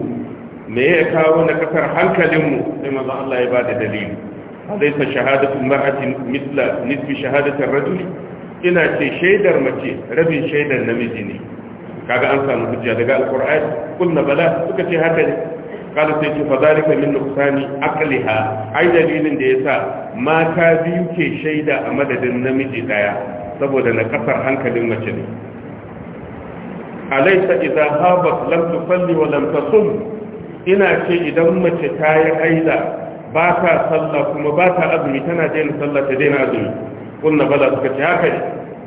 me ya kawo na kasar hankalinmu sai manzon Allah ya bada dalili alaysa shahadatu mar'atin misla nisbi shahadati ar-rajul ina ce shaidar mace rabin shaidar namiji ne kaga an samu hujja daga alqur'ani kullu bala suka ce haka ne kala sai ce fadalika min nuqsani aqliha ai dalilin da yasa mata biyu ke shaida a madadin namiji daya saboda na kasar hankalin mace ne alaysa idan habat lam tusalli wa lam sun? ina ce idan mace ta yi haila ba ta sallah kuma ba ta azumi tana daina sallah ta daina azumi kunna bala suka ce haka ne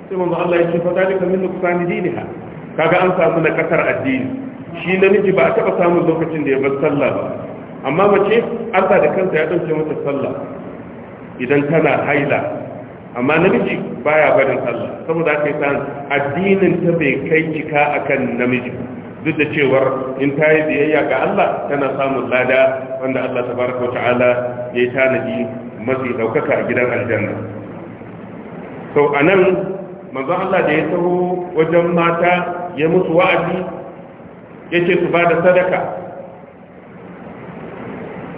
sai manzo Allah ya ce fa dalika min nuqsani diniha kaga an samu na kasar addini shi miji ba a taba samun lokacin da ya bar sallah ba amma mace Allah da kansa ya dauke mata sallah idan tana haila amma namiji baya barin Allah, saboda kai yasa addinin ta bai kai cika akan namiji duk da cewar in ta yi biyayya ga Allah tana samun lada wanda Allah tabaraka wa ta'ala ya yi tanadi mafi daukaka a gidan aljanna to anan manzo Allah da ya taho wajen mata ya musu wa'azi yace su ba da sadaka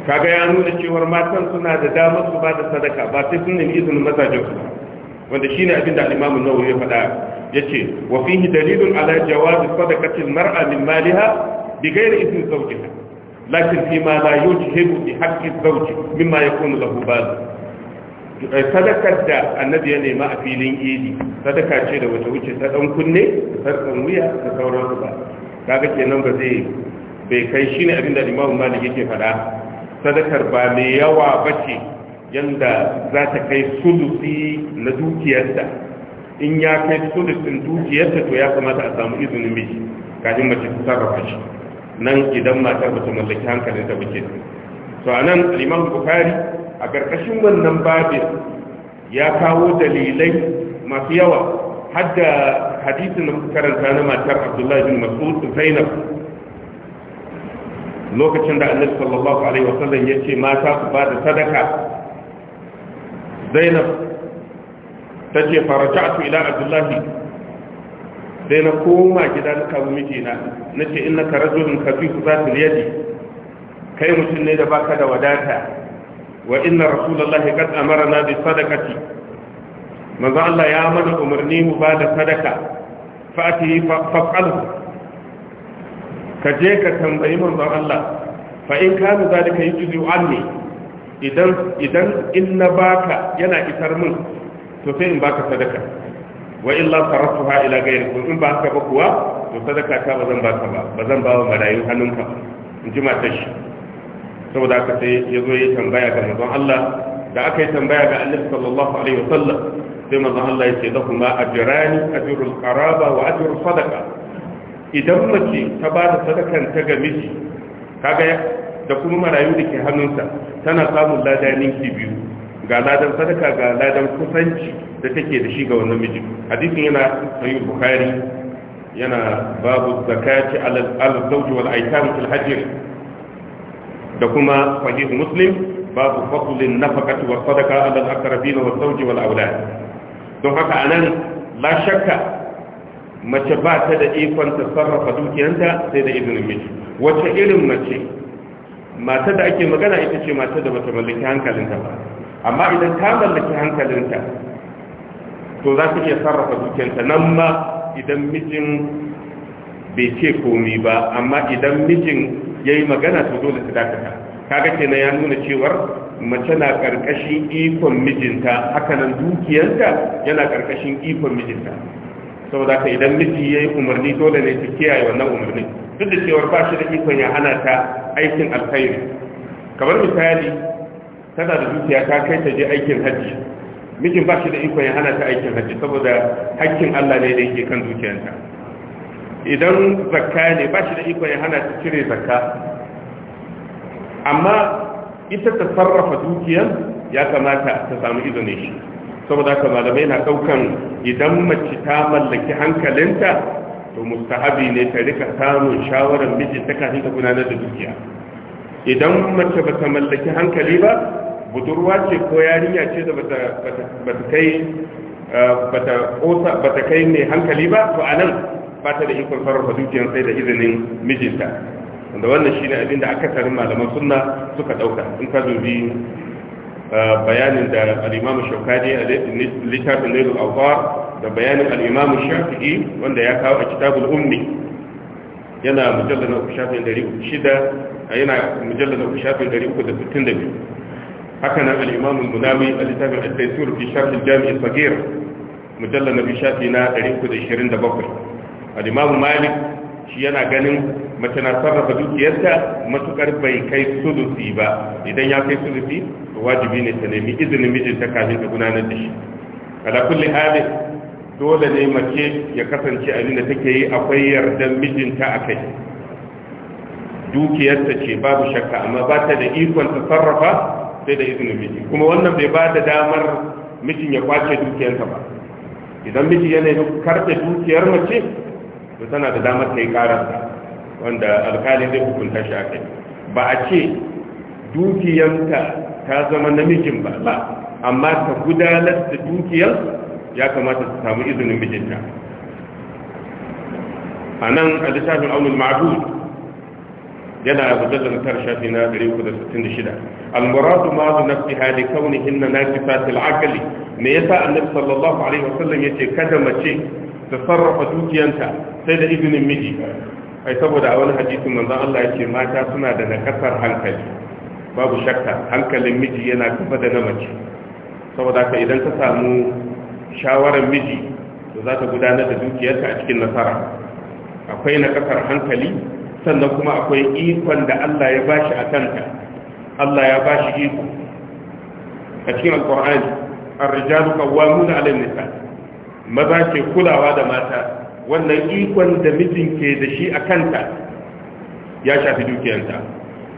kaga ya nuna cewar matan suna da damar su ba da sadaka ba sai sun nemi izinin mazajen su wanda shine abin da Imam Nawawi ya faɗa yace wa fihi dalilun ala jawaz sadaqati al-mar'a min maliha Bi bighayri izni zawjiha lakin fi ma la yujhibu bi haqqi zawji mimma yakunu lahu bal eh, sadakar da annabi ya nema a filin idi sadaka ce da wata wuce ta dan kunne sarkan wuya da sauransu ba kaga kenan ba zai bai kai shine abin da Imam Malik yake faɗa sadakar ba mai yawa ba ce yadda za ta kai sulusi na dukiyarta in ya kai sulusin dukiyarta to ya kamata a samu izinin miji kafin mace ta sarrafa shi nan idan matar ba ta mallaki hankalin ta bace to a nan liman bukari a ƙarƙashin wannan babin ya kawo dalilai masu yawa hadda hadisin da muka karanta na matar abdullahi bin mas'ud zainab lokacin da annabi sallallahu alaihi wasallam ya ce mata su ba da sadaka zainab ta ce faraja'tu ila abdullahi sai na koma gida na kawo mijina na ce ina ka rajulun kafifu za su liyadi kai mutum ne da baka da wadata wa inna rasulullahi kad amarna bi sadaqati Maza Allah ya mana umarni mu ba da sadaka fa'ati fa'alu ka je ka tambayi manzon Allah fa in kana zalika yujizu anni idan idan in na baka yana isar min to sai in baka sadaka wa illa sarrafuha ila ghayri kun in ba haka ba kuwa to sadaka ta ba zan baka ba ba zan ba wa marayu hannunka in ji matar shi saboda haka sai ya zo ya tambaya ga manzon Allah da aka yi tambaya ga Annabi sallallahu alaihi wasallam sai manzon Allah ya ce lahuma ajrani ajrul qaraba wa ajrul sadaqa idan mace ta ba da sadakanta ga miji kaga da kuma marayu da ke hannunsa tana samun ladanin ninki biyu ga ladan sadaka ga ladan kusanci da take da shi ga wannan miji. hadisin yana sahih bukhari yana babu zakati ala zawji wal aitam fil hajj da kuma sahih muslim babu fadlin nafaqati was sadaqa ala al aqrabin was zawji wal awlad don haka anan la shakka mace ba ta da ikon ta sarrafa dukiyanta sai da izinin miji wace irin mace mata da ake magana ita ce mata da bata mallaki hankalinta ba amma idan ta mallaki hankalinta to za ta iya sarrafa dukiyanta nan ma idan mijin bai ce komi ba amma idan mijin ya yi magana to dole ta dakata kaga kenan ya nuna cewar mace na karkashin ikon mijinta hakanan dukiyanta yana karkashin ikon mijinta saboda ka idan miji ya yi umarni dole ne su kiyaye wannan umarni duk da cewar ba shi da ikon ya hana ta aikin alkhairi kamar misali tana da dukiya ta kai ta je aikin hajji mijin ba shi da ikon ya hana ta aikin hajji saboda hakkin Allah ne da yake kan dukiyanta idan zakka ne ba shi da ikon ya hana ta cire zakka amma ita ta sarrafa dukiyan, ya kamata ta samu izinin shi saboda haka malamai na daukan idan mace ta mallaki hankalinta to mustahabi ne ta rika samun shawarar miji ta kafin ta gudanar da dukiya idan mace ba ta mallaki hankali ba budurwa ce ko yarinya ce da bata kai eh, bata kai mai hankali ba to anan ba ta da ikon sarrafa dukiyar sai da izinin mijinta wanda wannan shine abin da aka akasarin malaman sunna suka dauka in ka dubi bayanin da al'imamu shaukadi a littafin nailul alfar da bayanin al'imamu shafi'i wanda ya kawo a kitabul ummi yana mujallar na uku shafin shida a yana mujallar na uku shafin biyu haka nan al'imamu munawi a littafin al-taisur fi shafin jami'in fagir mujallar na biyu shafi na bakwai. al'imamu malik shi yana ganin mace na sarrafa dukiyarta matukar bai kai sulusi ba idan ya kai sulusi to wajibi ne ta nemi izinin mijinta kafin ta gudanar da shi ala kulli hali dole ne mace ya kasance abin da take yi akwai yardan mijinta a kai. dukiyarta ce babu shakka amma ba ta da ikon ta sarrafa sai da izinin miji kuma wannan bai ba da damar mijin ya kwace dukiyarta ba idan miji yana karɓe dukiyar mace to tana da damar ta yi kararsa wanda alkali zai hukunta shi akai ba a ce dukiyanta ta zama namijin ba ba amma ta gudanar da dukiyar ya kamata ta samu izinin mijinta a nan a littafin aunin ma'adud yana mujallar tar shafi na 366 al-muradu ma zu nafsi hali kaunihin na nafi fatil akali me yasa annabi sallallahu alaihi wasallam yace kada mace da sarrafa dukiyanta sai da izinin miji ai saboda a wani hadisin manzon Allah yake mata suna da nakasar hankali babu shakka hankalin miji yana gaba da na mace saboda ka idan ka samu shawarar miji to za ta gudanar da dukiyarta a cikin nasara akwai nakasar hankali sannan kuma akwai ikon da Allah ya bashi a kanta Allah ya bashi iko a cikin alkur'ani الرجال قوامون على النساء maza ke kulawa da mata wannan ikon da mijin ke da shi a kanta ya shafi dukiyanta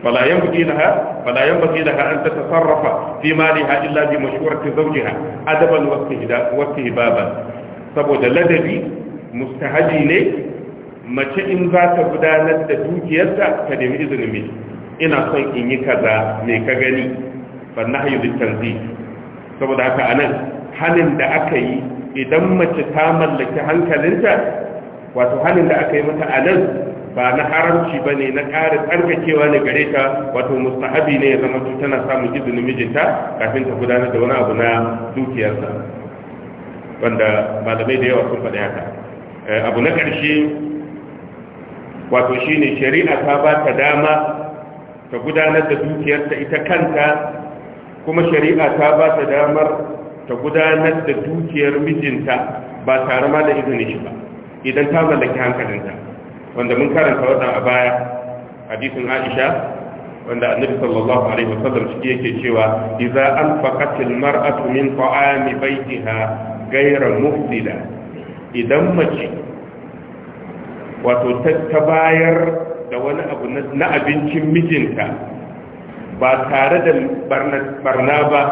fala yan buki laha fala yan buki laha an ta tasarrafa fi maliha illa bi mashurati zawjiha adaban wata baban saboda ladabi mustahabi ne mace in za ta gudanar da dukiyarta ta nemi izinin miji ina son in yi kaza me ka gani fa nahyu litanzih saboda haka anan hanin da aka yi idan mace ta mallaki hankalinta wato halin da aka yi mata a nan ba na haramci ba ne na ƙara tsarkakewa ne gare ta wato mustahabi ne ya zama tana samun izinin mijinta kafin ta gudanar da wani abu na dukiyarsa wanda malamai da yawa sun faɗi haka eh, abu na ƙarshe wato shine shari'a ta ba ta dama ta gudanar da dukiyarta ita kanta kuma shari'a ta ba ta damar ta gudanar da dukiyar mijinta ba tare ma da izini shi ba idan ta mallaki hankalinta wanda mun karanta wannan a baya hadisin Aisha wanda annabi sallallahu alaihi wasallam shi yake cewa idza anfaqatil mar'atu min ta'ami baytiha ghayra mufsida idan mace wato ta bayar da wani abu na abincin mijinta ba tare da barna ba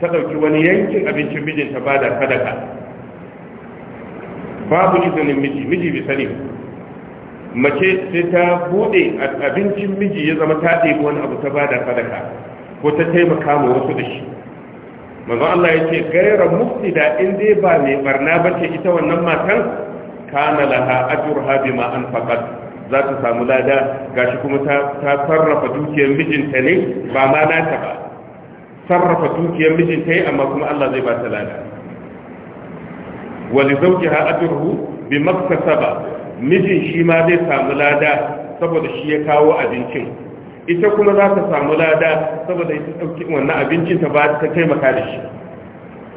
ta ɗauki wani yankin abincin mijin ta bada sadaka babu izinin miji miji bi sani mace sai ta bude abincin miji ya zama ta ɗebi wani abu ta bada sadaka ko ta taimaka ma wasu da shi manzo Allah ya ce gairar muftida in dai ba mai barna ba ce ita wannan matan kana laha ajruha bima anfaqat za ta samu lada gashi kuma ta sarrafa dukiyar mijinta ne ba ma nata ba sarrafa dukiyar mijinta yi amma kuma Allah zai ba ta lada wali zauki ha ajruhu bi maktasaba mijin shi ma zai samu lada saboda shi ya kawo abincin ita kuma za ta samu lada saboda ita dauki wannan abincin ta ba ta taimaka da shi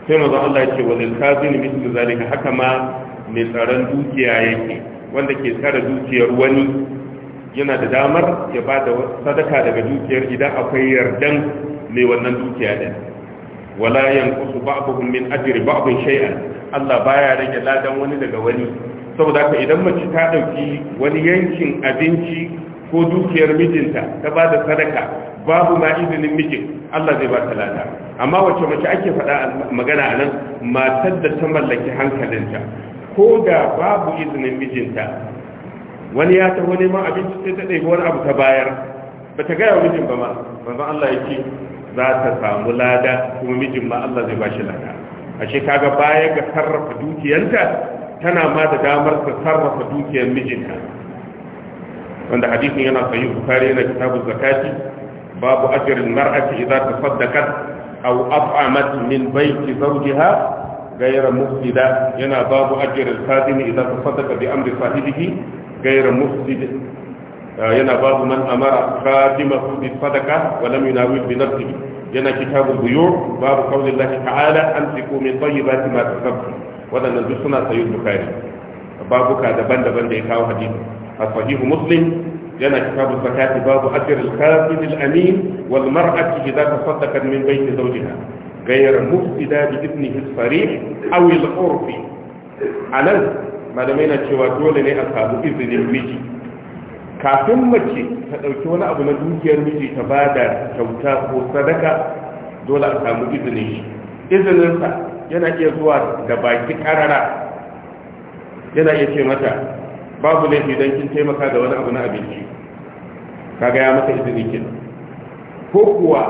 sai manzo Allah ce walil kazini zalika haka ma mai tsaron dukiya yake wanda ke tsara dukiyar wani yana da damar ya ba da sadaka daga dukiyar idan akwai yardan mai wannan dukiya din wala yanqusu ba'dhum min ajri ba'dhin shay'an Allah baya rage ladan wani daga wani saboda ka idan mace ta dauki wani yankin abinci ko dukiyar mijinta ta bada sadaka babu ma izinin mijin Allah zai ba ta amma wacce mace ake faɗa magana a nan matar da ta mallaki hankalinta ko da babu izinin mijinta wani ya taho neman abinci sai ta ɗaiɓi wani abu ta bayar ba ta gaya mijin ba ma manzon Allah ya ce za ta samu lada kuma mijin ma Allah zai bashi lada ashe kaga baya ga sarrafa dukiyarta tana ma da damar ta sarrafa dukiyar mijinta wanda hadisin yana sahih bukhari yana kitabun zakati babu ajrin mar'ati idza tasaddaqat aw at'amat min bayti zawjiha غير مفسدة ينا باب أجر الخادم إذا bi بأمر صاحبه غير مفسد yana babu man amara khatimahu bi sadaqa wa lam yunawil bi nafsihi yana kitabul buyu babu qaulillahi ta'ala anfiqu min tayyibati ma kasabtum wadannan duk suna sayyid bukhari babuka daban-daban da ya kawo hadisi a sahihu muslim yana kitabu zakati babu ajr al-kafir al-amin wal mar'ati idza tasaddaqat min bayti zawjiha ghayr mufsida bi ibnihi as-sarih aw al-urfi anan malamai na cewa dole ne a samu izinin miji kafin mace ta ɗauki wani abu na dukiyar miji ta ba da kyauta ko sadaka dole a samu izinin shi izininsa yana iya zuwa da baki karara yana iya ce mata babu laifi don kin taimaka da wani abu na abinci ga ya mata izinin kin ko kuwa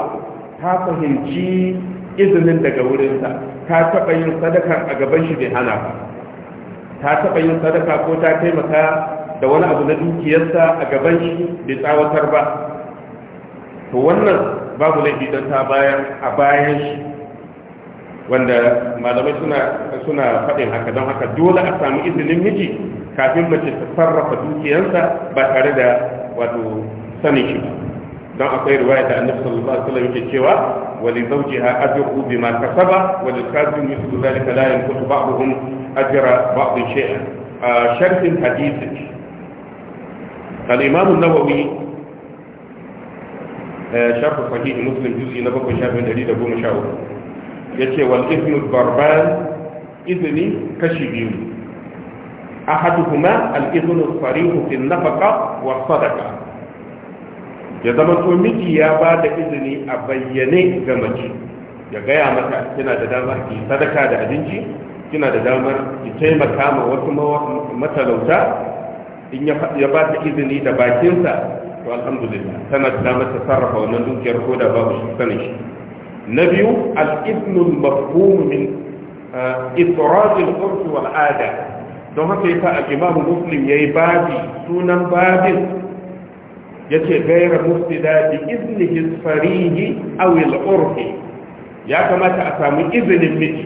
ta fahimci izinin daga wurinsa ta taɓa yin sadaka a gaban shi bai hana ta taɓa yin sadaka ko ta taimaka da wani abu na dukiyarsa a gaban shi bai tsawatar ba to wannan babu laifi don ta bayan a bayan shi wanda malamai suna suna faɗin haka don haka dole a samu izinin miji kafin mace ta sarrafa dukiyarsa ba tare da wato sanin shi ba don akwai riwaya da annabi sallallahu alaihi wasallam yake cewa wa li zawjiha ajru bima kasaba wa lil kafir mithlu dhalika la yanqutu ba'dhum ajra ba'd shay'a sharhin hadithin al-imam an-nawawi eh, shafi sahih muslim juz'i na 7 shafin 113 yace wal ismu barban izini kashi biyu ahaduhuma al-iznu sarihu fi an-nafaqa wa sadaqa ya zama to miji ya ba da izini a bayyane ga ya gaya mata kina da damar ki sadaka da abinci kina da damar ki taimaka wa wasu matalauta in ya ba ta izini da bakinsa to alhamdulillah tana da damar ta sarrafa wannan dukiyar ko da babu shi sanin shi na biyu al-ibnul mafhum min ah, al-urf wal ada don haka yasa al-imam muslim yayi babi sunan babin yace gaira mustida bi iznihi farihi aw al-urf ya kamata a samu izinin miji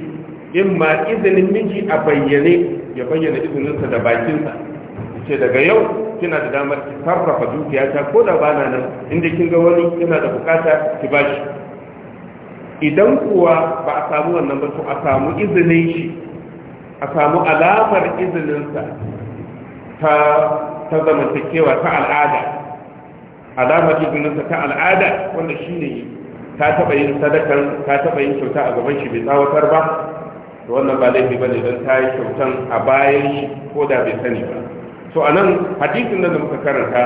imma izinin miji a bayyane ya bayyana izininsa da bakinsa ce daga yau kina da damar ki sarrafa dukiyata ko da bana nan inda kin ga wani kina da bukata ki bashi idan kuwa ba a samu wannan ba to a samu izinin shi a samu alamar izininsa ta ta zama ta al'ada alamar izininsa ta al'ada wanda shine ta taba yin sadakan ta taba yin kyauta a gaban shi bai tsawatar ba wannan ba laifi bane don ta yi kyautan a bayan shi ko da bai sani ba to a nan, hadisin nan da muka karanta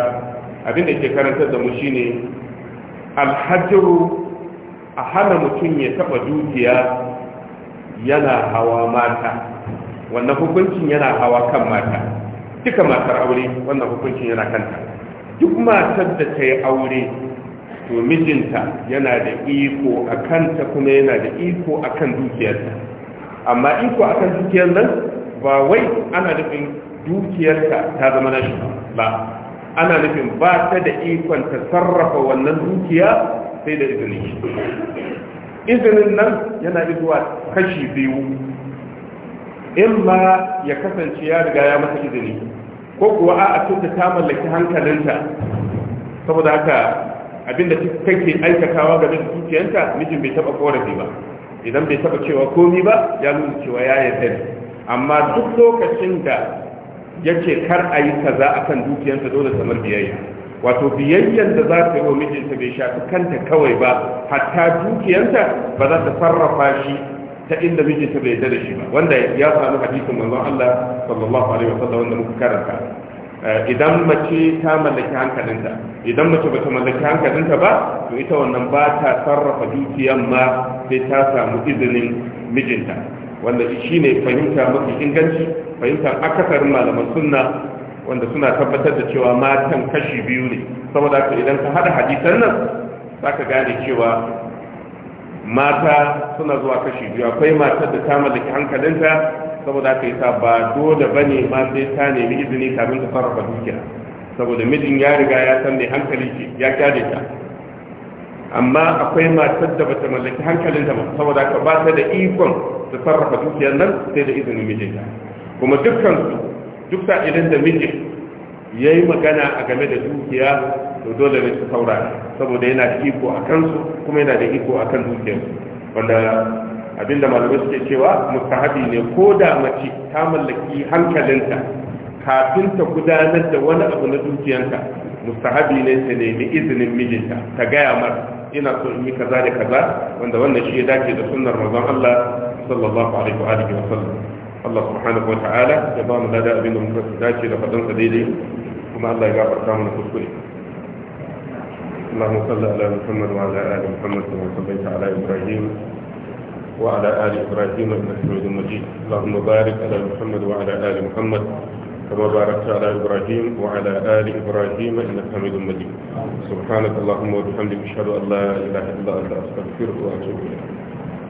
abin da ke karantar da mu shine alhajiru a hana mutum ya taba dukiya yana hawa mata wannan hukuncin yana hawa kan mata duka matar aure wannan hukuncin yana kanta duk matar da ta yi aure to mijinta yana da iko a kanta kuma yana da iko a kan dukiyarta amma iko a kan dukiyar nan ba wai ana nufin dukiyarka ta zama nashi ba ana nufin ba ta da ikon ta sarrafa wannan dukiya sai da izini izinin nan yana izuwa kashi biyu in ma ya kasance ya riga ya masa izini ko kuwa a a tunda ta mallaki hankalinta saboda haka abinda kake aikatawa ga da dukiyarka mijin bai taba korafi ba idan bai taba cewa komi ba ya nuna cewa ya yarda amma duk lokacin da yace kar a yi kaza a kan dukiyarsa dole samar biyayya wato biyayyar da za ta yi wa mijinta bai shafi kanta kawai ba hatta dukiyarsa ba za ta sarrafa shi ta inda mijinta bai da shi ba wanda ya samu hadisin manzon Allah sallallahu alaihi wasallam wanda muka karanta eh, idan mace ta mallaki hankalinta idan mace bata mallaki hankalinta ba to ita wannan ba ta sarrafa dukiyar ma sai ta samu izinin mijinta wanda shi ne fahimta mafi inganci fahimtar akasarin malaman sunna wanda suna tabbatar da cewa matan kashi biyu ne saboda ka idan ka hada hadisan nan za ka gane cewa mata suna zuwa kashi biyu akwai matar da ta mallaki hankalinta saboda ka isa ba dole ba ne ma sai ta nemi izini kafin ta fara dukiya saboda mijin ya riga ya san ne hankali ya kyale ta amma akwai matar da bata mallaki hankalin ta ba saboda ka ba ta da ikon ta sarrafa dukiyar nan sai da izinin mijinta kuma dukkan su duk idan da miji ya yi magana a game da dukiya to dole ne su saura saboda yana da iko a kansu kuma yana da iko a kan dukiyar wanda abinda malamai suke cewa mustahabi ne ko da mace ta mallaki hankalinta kafin ta gudanar da wani abu na dukiyarta mustahabi ne ta nemi izinin mijinta ta gaya masa ina so in yi kaza da kaza wanda wannan shi ya dace da sunnar Allah sallallahu alaihi wa alihi wa sallam Allah subhanahu wa ta'ala ya ba mu dada abin da muka dace da fadan sa daidai kuma Allah ya gafarta mana kuskure اللهم صل على محمد وعلى muhammad wa كما صليت على ابراهيم وعلى ال ابراهيم انك حميد مجيد اللهم بارك على محمد وعلى ال muhammad. كما باركت على إبراهيم وعلى آل إبراهيم إنك حميد مجيد سبحانك اللهم وبحمدك أشهد أن لا إله إلا أنت أستغفرك وأتوب إليك